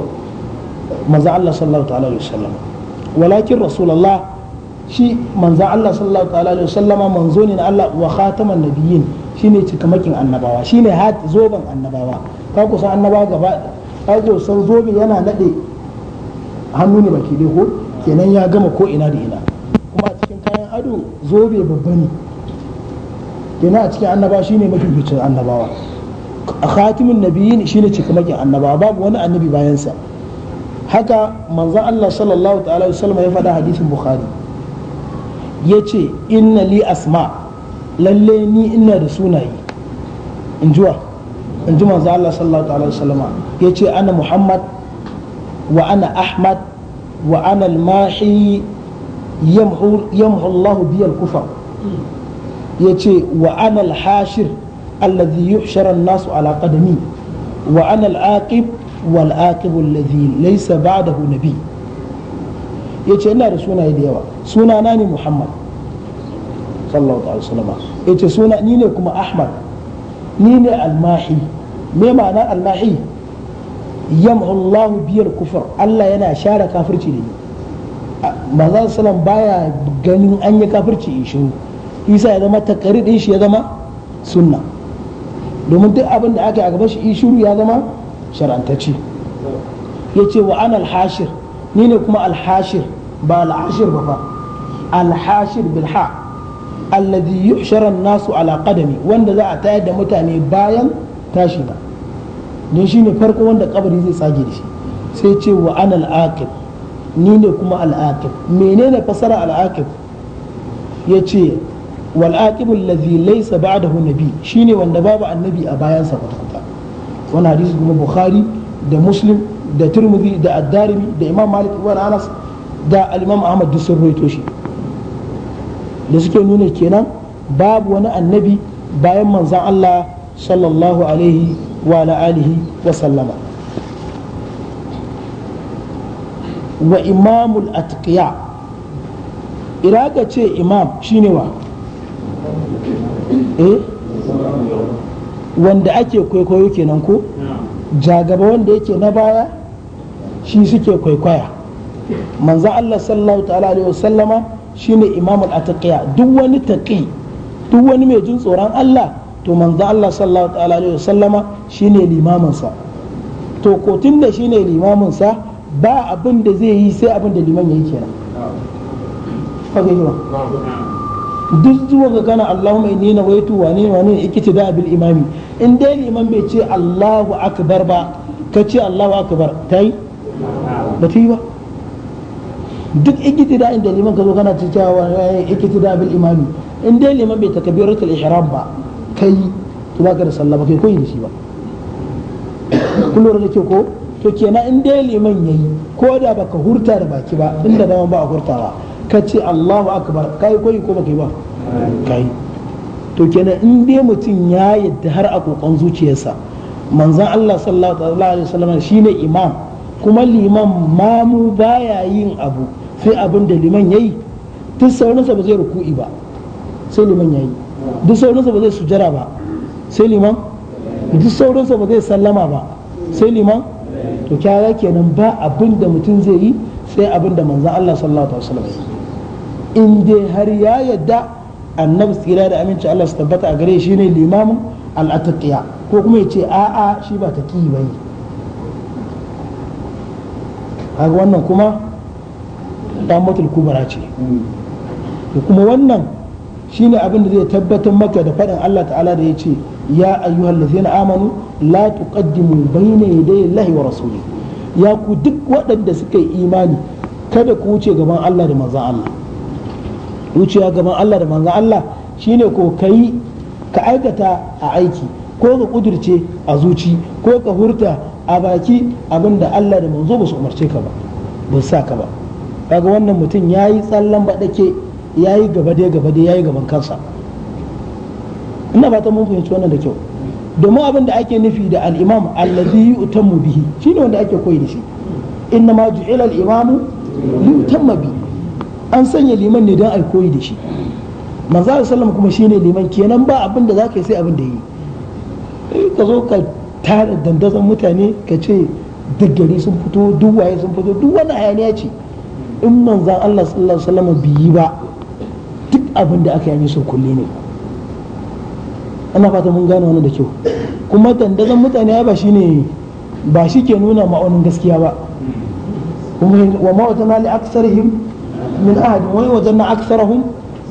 manzo Allah sallallahu ta'ala alaihi wasallam walakin rasulallah shi manzo Allah sallallahu ta'ala alaihi wasallama manzo ne na Allah wa khataman nabiyyin shine cikamakin annabawa shine hat zoban annabawa ka kusa annaba gaba ai san zobe yana nade hannu ne baki dai ko kenan ya gama ko ina da ina kuma a cikin kayan ado zobe babba ne kenan a cikin annaba shine mafificin annabawa A khatimin nabiyyin shine cikamakin annabawa babu wani annabi bayansa haka manzo Allah sallallahu ta'ala sallama ya faɗa hadisin bukhari ya ce inna li asma lalle ni ina da sunaye in jiwa in ji manzo Allah sallallahu alaihi wasallam yace ana Muhammad wa ana Ahmad wa ana al-mahi yamhu yamhu Allah bi al-kufar yace wa ana al-hashir alladhi yuhshara an-nas ala qadami wa ana al-aqib wal aqib alladhi laysa ba'dahu nabi yace ina da sunaye da yawa sunana ne Muhammad sallallahu alaihi wasallam yace suna ni ne kuma Ahmad ni ne al-mahi me ma'ana annahi yamhu Allah biyar kufar Allah yana share kafirci ne manzon sallam baya ganin an yi kafirci shi isa ya zama takari din shi ya zama sunna domin duk abin da aka yi a gaban shi ishuru ya zama shar'antacci ya ce wa an alhashir ni ne kuma alhashir ba alhashir ba ba alhashir bilha alladhi an nasu ala qadami wanda za a tayar da mutane bayan tashi ba don shi ne farko wanda kabari zai tsage da shi sai ce wa an al'aqib ni ne kuma al'aqib menene fasara al'aqib ya ce wal aqib allazi laysa ba'dahu nabi shine wanda babu annabi a bayansa kwata-kwata wani hadisi kuma bukhari da muslim da Turmuzi da addarimi da imam malik ibn anas da al-imam ahmad duk sun roito shi da suke nuna kenan babu wani annabi bayan manzan Allah sallallahu alaihi wa alihi wa sallama wa imamul atqiya iraga ce imam shine wa eh wanda ake kwaikwayo kenan ko jagaba wanda yake na baya shi suke kwaikwaya manzo Allah sallallahu ta'ala alaihi wasallama shine imamul atqiya duk wani taqi duk wani mai jin tsoron Allah to manzo Allah sallallahu ta'ala alaihi sallama shine limamin sa to ko tunda shine limamin sa ba abin da zai yi sai abin da liman yake kenan kaga yi ba duk zuwa ga kana Allahumma inni nawaitu wa ni wa ni da bil imami in dai liman bai ce Allahu akbar ba ka ce Allahu akbar tai ba ta yi ba duk da inda liman ka zo kana cewa da bil imami in dai liman bai takbiratul ihram ba kai to ka da sallah ba kai koyi da shi ba kullum da ke ko to kenan in dai liman yayi ko da baka hurta da baki ba inda da ba a hurtawa ka ce Allahu akbar kai koyi ko baka yi ba kai to kenan in dai mutum ya yadda har a kokon zuciyarsa manzon Allah sallallahu alaihi wasallam shine imam kuma liman mamu baya yin abu sai abin da liman yayi duk sauransa ba zai ruku'i ba sai liman yayi duk sauransa ba zai sujjara ba sai liman duk sauransa ba zai sallama ba sai liman to kyara kenan ba abin da mutum zai yi sai abin da manzan Allah sallallahu alaihi wasallam in dai har ya yadda annabi tsira da aminci Allah su tabbata a gare shi ne limamin al'ataqiya ko kuma ya ce a'a shi ba ta ki bane wannan kuma damatul kubara ce kuma wannan shine abin da zai tabbatar maka da faɗin Allah ta'ala da ya ce ya ayyuhal ladzina amanu la tuqaddimu bayna yaday Allahi wa rasuli ya ku duk waɗanda suka yi imani kada ku wuce gaban Allah da manzon Allah wucewa gaban Allah da manzon Allah shine ko kai ka aikata a aiki ko ka ƙudurce a zuci ko ka hurta a baki abin da Allah da manzo ba su umarce ka ba ba sa ka ba kaga wannan mutum yayi tsallan baɗake yayi gaba dai gaba dai yayi gaban kansa ina ta mun fahimci wannan da kyau domin abin da ake nufi da al-imam allazi mu bihi shine wanda ake koyi da shi inna ma ju'ila al-imamu ma bi an sanya liman ne don ai koyi da shi manzo sallama kuma shine liman kenan ba abin da zaka yi sai abin da yi eh, ka zo ka tara dandazon mutane ka ce daggari sun fito duk waye sun fito duk wani hayaniya ce in manzan Allah sallallahu alaihi wasallam bi yi ba abin da aka yi su kulle ne ana fata mun gane wani da kyau kuma dandazon mutane ba shi ne ba shi ke nuna ma'aunin gaskiya ba wa ma'autana li aksarihim min ahadin wani wajen na aksarahum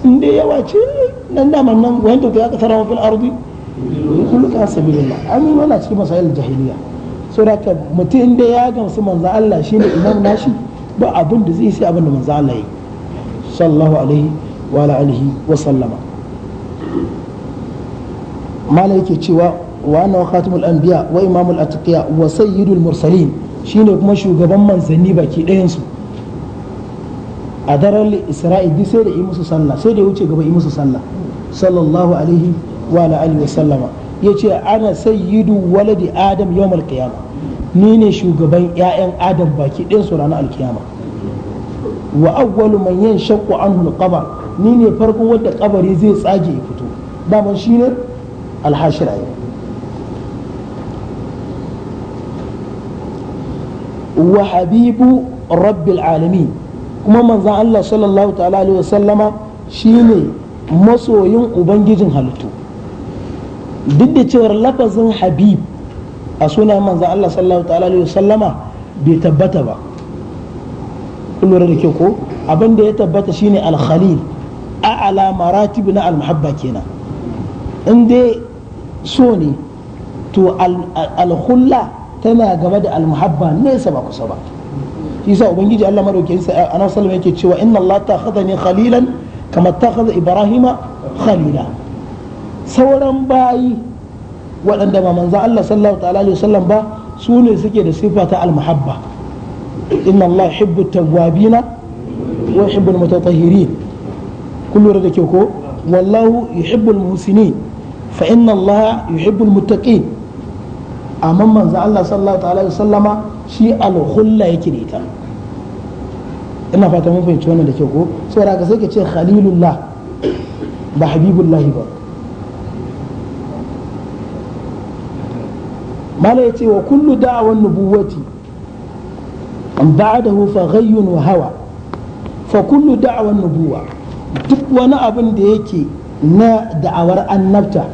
in dai yawa ce nan da nan wani to ya kasara fil arzi kullu ka an yi wannan cikin masayar jahiliya so da ka mutum inda ya gamsu manza Allah shi ne imam nashi ba abin da zai sai abin da manza Allah yi sallahu alaihi وعلى آله وسلم ما لك تشوى وأنا خاتم الأنبياء وإمام الأتقياء وسيد mursalin shine kuma shugaban manzanni baki ɗayansu a daren isra'i duk sai da yi musu sallah sai da ya wuce gaba yi musu sallah sallallahu alaihi wa alihi wa sallama ya ce ana sayyidu waladi adam yawmal qiyama ni ne shugaban ƴaƴan adam baki ɗayansu ranar alkiyama wa awwalu man yanshaqu anhu alqamar ni ne farko wadda kabari zai tsage ya fito daman shi ne alhashir ayi wa habibu rabbil alami kuma manzan Allah sallallahu ta'ala alaihi wasallama shi ne masoyin ubangijin halittu duk da cewar lafazin habib a sunan manzan Allah sallallahu ta'ala alaihi wasallama bai tabbata ba kullum da ke ko abin da ya tabbata shine al-khalil a'ala maratib na Al-muhabba kenan in dai so ne to alhulla tana game da muhabba nesa ba kusa ba shi sa ubangiji Allah madaukakin sa annabi sallallahu yake cewa inna Allah khalilan kama takhadha ibrahima khalila sauran bayi waɗanda ba manzo Allah sallallahu ta'ala alaihi wasallam ba su ne suke da sifa ta almuhabba inna Allah yuhibbu tawwabina wa yuhibbu almutatahhirin kullum da ke ko wallahu yuhibbul muhsinin fa inna allaha yuhibbul muttaqin amma manzo Allah sallallahu alaihi wasallama shi alhulla yake da ita ina fata mun fahimci wannan da ke ko saboda ka sai ka ce khalilullah ba habibullahi ba mala ya ce wa kullu da'awan nubuwati an ba'dahu fa ghayyun wa hawa fa kullu da'awan nubuwa duk wani abin da yake na da'awar annabta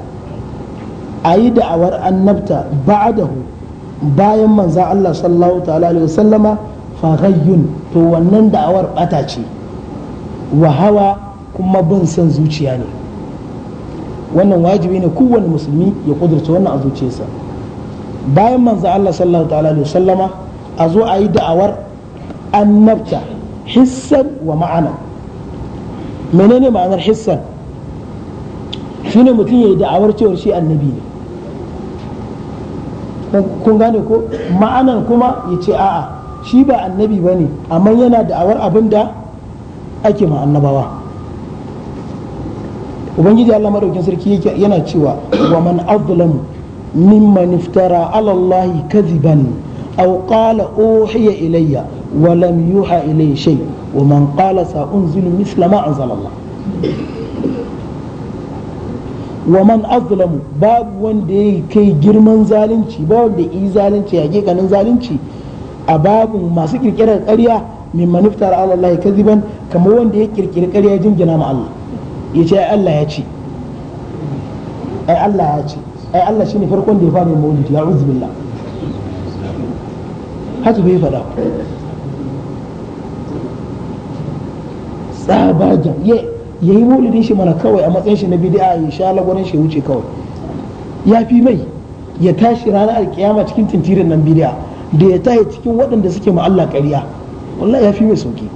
a yi da'awar annabta ba'adahu bayan manzan Allah sallallahu ta'ala alaihi wasallama faghayyun to wannan da'awar bata ce wa hawa kuma bin son zuciya ne wannan wajibi ne kowane musulmi ya kudurta wannan a zuciyarsa bayan manzan Allah sallallahu ta'ala alaihi wasallama a zo a yi da'awar annabta hissan wa ma'ana menene ma'anar hissan Shi ne mutum ya yi da'awar cewar shi annabi ne kun gane ko ma'anar kuma ya ce a'a shi ba annabi ba ne amma yana da'awar abin da ake maannabawa ubangiji allah maraukin sarki yana cewa wa man azlamu mimman iftara alallahi kaziban أو قال أوحي إلي ولم يوحى إلي شيء ومن قال سأنزل مثل ما أنزل الله ومن أظلم باب وندي كي جرمان زالنشي باب دي إي زالنشي يجي كان زالنشي أباب ما سكر كرة قرية مما نفتر على الله كذبا كما وندي كرة قرية جن جنام الله يجي الله يجي أي الله يجي أي الله شيني فرقون دي فاني مولد يعوذ بالله haka bai faɗa tsabagen ya yi mulidi shi mana kawai a matsayin shi na bidi'a ya sha lagwanin shi wuce kawai ya fi mai ya tashi ranar alkiyama cikin tintirin nan bidi'a da ya tashi cikin waɗanda suke ma'alla Allah ƙarya wallahi ya fi mai sauki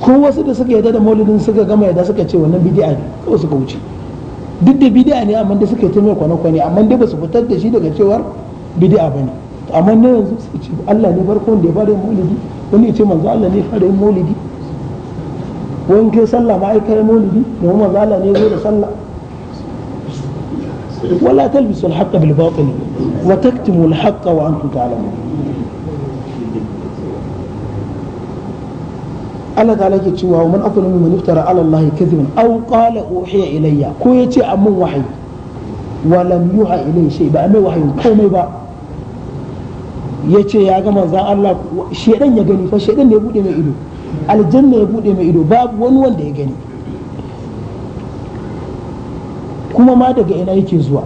ko wasu da suka yarda da maulidin suka gama yadda suka ce wannan bidi'a ne kawai suka wuce duk da bidi'a ne amma da suka yi ta mai kwane-kwane amma da ba su fitar da shi daga cewar bid'a bane to amma ne yanzu sai ce Allah ne barko da ya fara yin maulidi wani ya ce manzo Allah ne fara yin maulidi wani ke sallah ma ai kai maulidi to manzo Allah ne zo da sallah ولا تلبس الحق بالباطل وتكتم الحق وانتم تعلمون Allah ta lake cewa wa man afdalu mimman iftara ala Allah kadhiban aw qala uhiya ilayya ko yace amun wahayi wa lam yuha ilayhi shay ba mai wahayi komai ba ya ce ya ga manzan Allah shedan ya gani fa shedan ne ya bude mai ido aljanna ya bude mai ido babu wani wanda ya gani kuma ma daga ina yake zuwa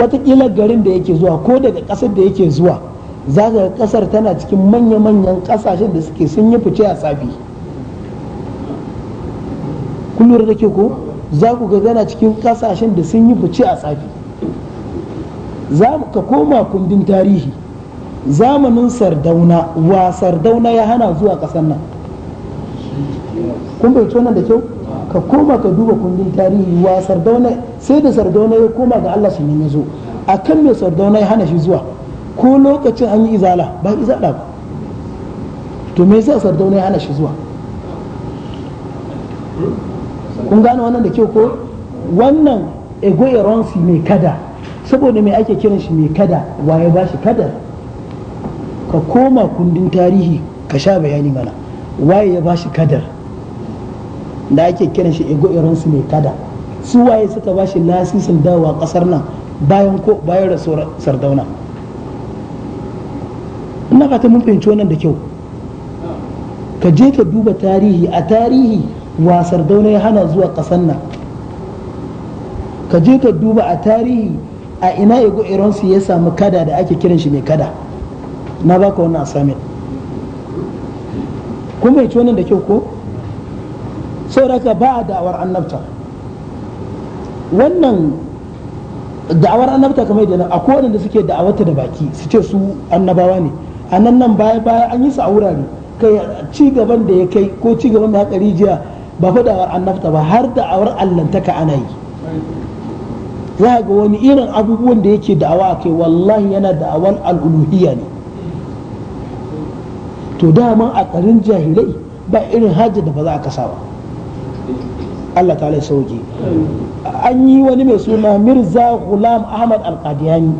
watakila garin da yake zuwa ko daga ƙasar da yake zuwa za ga ƙasar tana cikin manya-manyan ƙasashen da suke sun yi fice a tsafi kullum da ke ko za ku ga gana cikin ƙasashen da sun yi fice a tsafi ka koma kundin tarihi zamanin sardauna wa sardauna ya hana zuwa ƙasar nan kun bai nan da kyau ka koma ka duba kundin tarihi wa sardauna sai da sardauna ya koma ga Allah sunan ya zo a kan mai sardauna ya hana shi zuwa ko lokacin an yi izala ba izala ba to me yasa sardauna ya hana shi zuwa kun gane wannan da kyau ko wannan ego eronsi mai kada saboda mai ake kiran shi mai kada waye ba shi kadar ka koma kundin tarihi ka sha bayani mana waye ya ba shi kadar da ake kiran shi ego iransu mai kada su waye suka ba shi lasisin dawa kasar nan bayan ko bayan rasuwar sardauna ina fata mun fahimci wannan da kyau ka je ka duba tarihi a tarihi wa sardauna ya hana zuwa kasar nan ka je ka duba a tarihi a ina ya ego su ya samu kada da ake kiran shi mai kada na baka wannan assignment ya ci wannan da kyau ko ka ba a da'awar annabta wannan da'awar annabta kamar da a kowane da suke da'awarta da baki su ce su annabawa ne a nan nan baya baya an yi su a wurare kai ci gaban da ya kai ko ci gaban da kari jiya ba fa da'awar annabta ba har da'awar allantaka ana yi za a ga wani irin abubuwan da yake da'awa a kai wallahi yana da'awan al'uluhiyya ne to dama a ƙarin jahilai ba irin hajji da ba za a kasa ba Allah ta sauki. an yi wani mai suna mirza gulam ahmad alkadiyani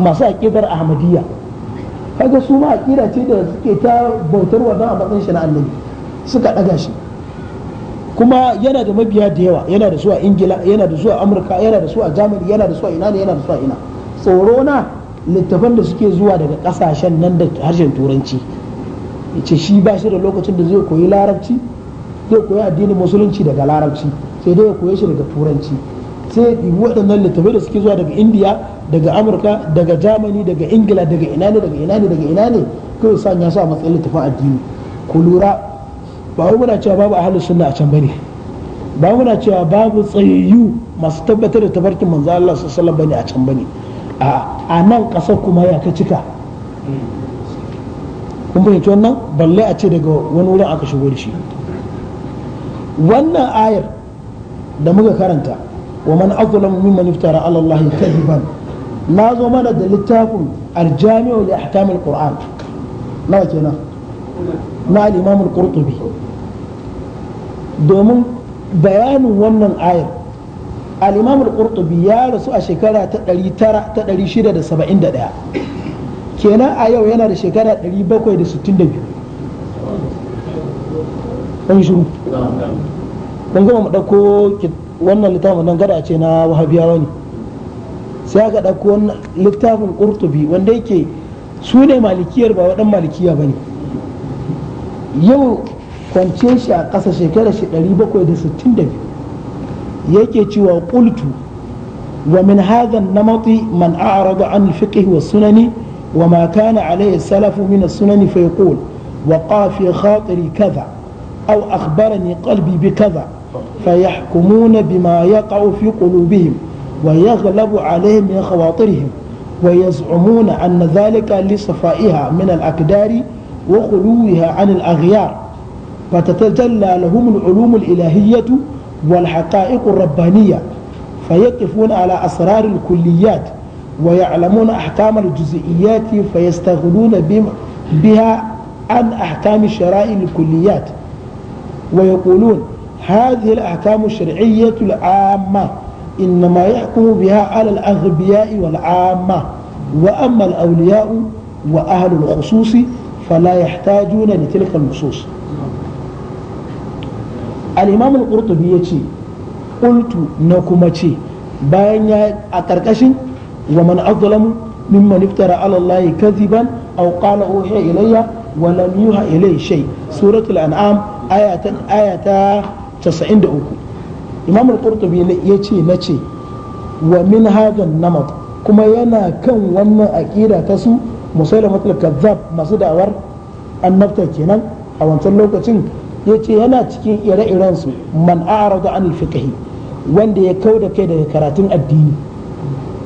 masu aƙidar ahmadiyya kaga su ma aƙida ce da suke ta bautar wannan a matsayin shi na annabi suka ɗaga shi kuma yana da mabiya da yawa yana da su a ingila yana da su a amurka yana da su a germany yana da su a ina ne yana da su a ina tsoro na littafan da suke zuwa daga kasashen nan da harshen turanci ce shi ba shi da lokacin da zai koyi larabci zai koyi addinin musulunci daga larabci sai dai ya koye shi daga turanci sai ya waɗannan littafai da suke zuwa daga indiya daga amurka daga germany daga ingila daga ina ne daga ina ne daga ina ne kawai sanya su a matsayin littafin addini ku lura ba wai muna cewa babu ahlus sunna a can bane ba muna cewa babu tsayayyu masu tabbatar da tabarkin manzo Allah sallallahu bane a can bane a nan kasar kuma ya ka cika kun fahimci wannan balle a ce daga wani wurin aka shigo da shi wannan ayar da muka karanta wa man azlamu mimman iftara ala Allah kadiban na zo mana da littafin aljami'u li ahkamil qur'an nawa kenan na al-imam al-qurtubi domin bayanin wannan ayar alimamul ƙurtubi qurtubi ya rasu a shekara ta 671 kenan a yau yana da shekara 762 ɗan shiru don gama ɗauko wannan littafin nan gada ce na wahabiyawa ne sai aka ɗauko wannan littafin ƙurtubi wanda yake su ne malikiyar ba waɗan malikiya ba ne yau kwance shi a ƙasa shekarar shi 762 yake cewa ƙultu wa min hadha namati man a'rada an al-fiqh wa sunani wa ma kana alayhi salafu min as-sunani fa yaqul وقع في kaza كذا أو أخبرني قلبي بكذا فيحكمون بما يقع في قلوبهم ويغلب عليهم من خواطرهم ويزعمون أن ذلك لصفائها من الأكدار وخلوها عن الأغيار فتتجلى لهم العلوم الإلهية والحقائق الربانية فيقفون على أسرار الكليات ويعلمون أحكام الجزئيات فيستغلون بها عن أحكام شرائع الكليات ويقولون هذه الأحكام الشرعية العامة إنما يحكم بها على الأغبياء والعامة وأما الأولياء وأهل الخصوص فلا يحتاجون لتلك النصوص al-imam ya ce yace na kuma ce bayan ya a karkashin wa man azlamu min iftara ala allahi kadhiban aw qala uhiya ilayya wa lam yuha ilayhi shay suratul an'am ayatan ayata 93 imam al-qurtubi yace nace wa min hadan namat kuma yana kan wannan aqida ta su musailamatul kazzab masu da'awar annabta kenan a wancan lokacin yace yana cikin ire-iren su man a'rada an fiqhi wanda ya kauda kai daga karatun addini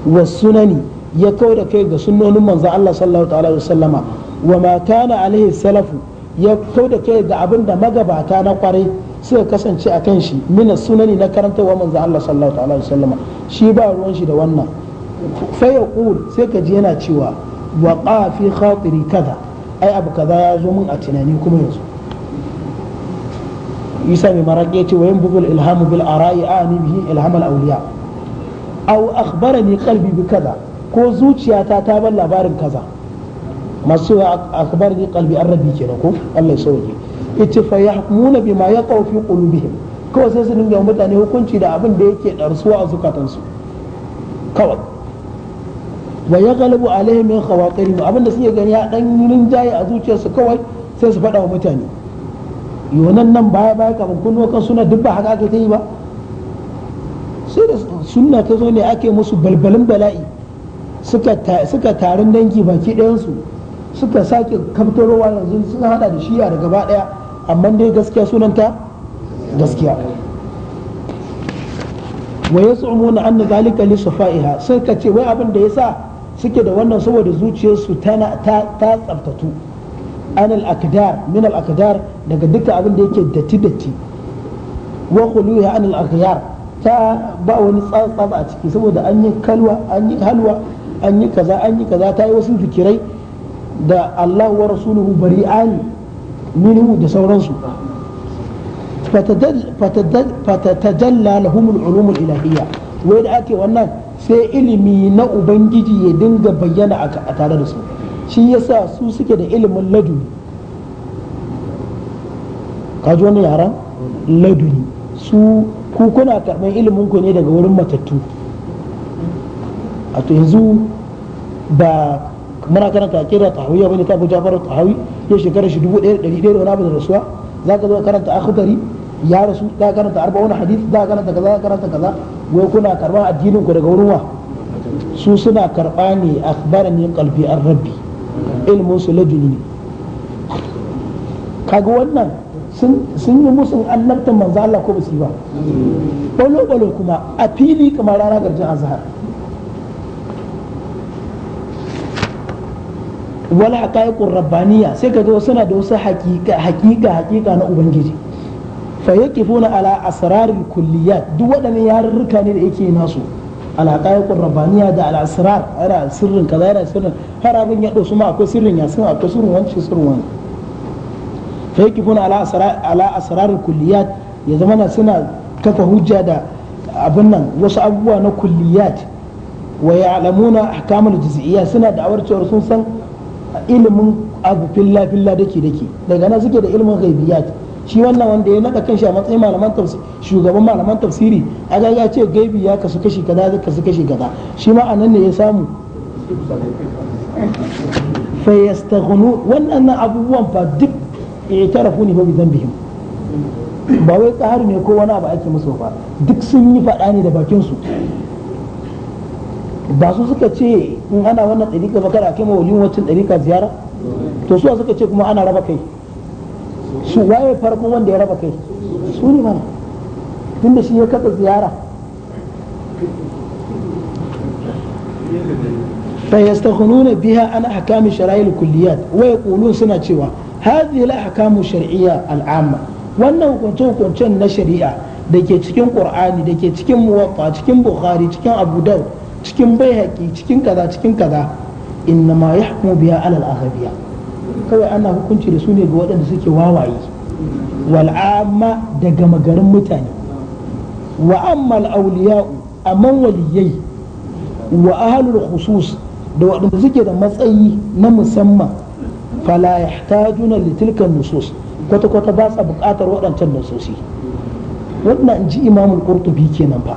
wa sunani ya kauda kai ga sunnonin manzo Allah sallallahu ta'ala wa ma kana alaihi salafu ya kauda kai ga abin da magabata na kwarai suka kasance a kan shi mina sunani na karantarwa manzo Allah sallallahu ta'ala shi ba ruwan shi da wannan fa yaqul sai ka ji yana cewa wa fi khatiri kaza ai abu kaza ya zo min a tunani kuma yanzu isa mai maraki ce wa yanbughu ilhamu bil ara'i ani bihi ilham al awliya aw akhbarani qalbi bi kaza ko zuciyata ta ban labarin kaza masu akhbarani qalbi an rabbi kenan ko Allah ya sauke yace fa yahmuna bima yaqau fi qulubihim kawai sai su dinga mutane hukunci da abin da yake darsuwa a zukatansu kawai wa ya galibu alaihim min khawatirihim abinda su ke gani ya dan rinjaye a zuciyarsu kawai sai su faɗa wa mutane yonan nan baya baya kamar kun kan suna duk ba haka ake ta yi ba sai da sunna ta zo ne ake musu balbalin bala'i suka tarin dangi baki ɗayansu suka sake kamtarowa yanzu sun hada da shiya da gaba ɗaya amma dai gaskiya sunanta gaskiya wa ya tsumuna an na zalika li sufa'iha sai ka ce wai abin da ya sa suke da wannan saboda zuciyarsu ta tsaftatu anal akdar min al daga duka abin da yake datti datti wa khuluha anil akhyar ta ba wani tsatsab a ciki saboda an yi kalwa an yi halwa an yi kaza an yi kaza ta yi wasu zikirai da Allah wa rasuluhu bari'ani minhu da sauransu fatatajalla lahum al ilahiyya wai da ake wannan sai ilimi na ubangiji ya dinga bayyana a tare da su shi yasa su suke da ilimin laduni kaji wani yaran laduni su ku karɓar ilimin ku ne daga wurin matattu a to yanzu ba muna ta kira ya bane ta Ja'far tahawi ya shekarar shi da wani abu da rasuwa ka zo karanta akhdari ya rasu za ka karanta arba'un hadith ka karanta kaza karanta kaza wai kuna karɓar addinin ku daga wurin wa su suna karɓa ne yin qalbi an rabbi ilmin su ne kaga wannan sun yi musun annabtan manzo Allah ko basu yi ba balo balo kuma a fili kamar rana garjin azhar wala haqaiqur rabbaniya sai kaga suna da wasu haƙiƙa-haƙiƙa haqiqa na ubangiji fa yaqifuna ala asrarul kulliyat duk waɗannan yarurruka ne da yake nasu alhaqaiqur rabbaniya da al'asrar yana sirrin kaza yana sirrin har abin ya dosu ma akwai sirrin ya san akwai sirrin wani sirrin wani fa yakifuna ala asrar kulliyat ya zama na suna kafa hujja da abin nan wasu abubuwa na kulliyat wa na ahkamul juz'iyya suna da'awar cewa sun san ilimin abu filla filla dake dake daga nan suke da ilimin ghaibiyat shi wannan wanda ya naɗa kanshi a matsayin malaman tafsiri shugaban malaman tafsiri a ga ya ce gaibi ya kasu kashi kaza da kasu kashi kaza shi ma anan ne ya samu fa yastaghnu wannan abubuwan fa duk i'tarafu ne ba bi dhanbihim ba wai ƙari ne ko wani abu ake musu ba duk sun yi faɗa ne da bakin su ba su suka ce in ana wannan ɗariƙa ba kada a kai mawajin wacin ɗariƙa ziyara to suwa suka ce kuma ana raba kai su waye farko wanda ya raba kai su ne mana tunda shi ya katsa ziyara فيستغنون بها عن أحكام شرائع الكليات ويقولون سنة شوى هذه الأحكام الشرعية al'amma wannan hukunce-hukuncen na shari'a da ke cikin qur'ani da ke cikin muwatta cikin bukhari cikin abu daud cikin baihaqi cikin kaza cikin kaza inna ma yahkumu biha alal aghabiya kawai ana hukunci da su ne ga waɗanda suke wawaye wal'amma da gama garin mutane wa amma a amman waliyai wa ahlul khusus da waɗanda suke da matsayi na musamman fala yahtajuna li tilka nusus kwata kwata ba sa buƙatar waɗancan nusosi wannan ji imamul qurtubi kenan fa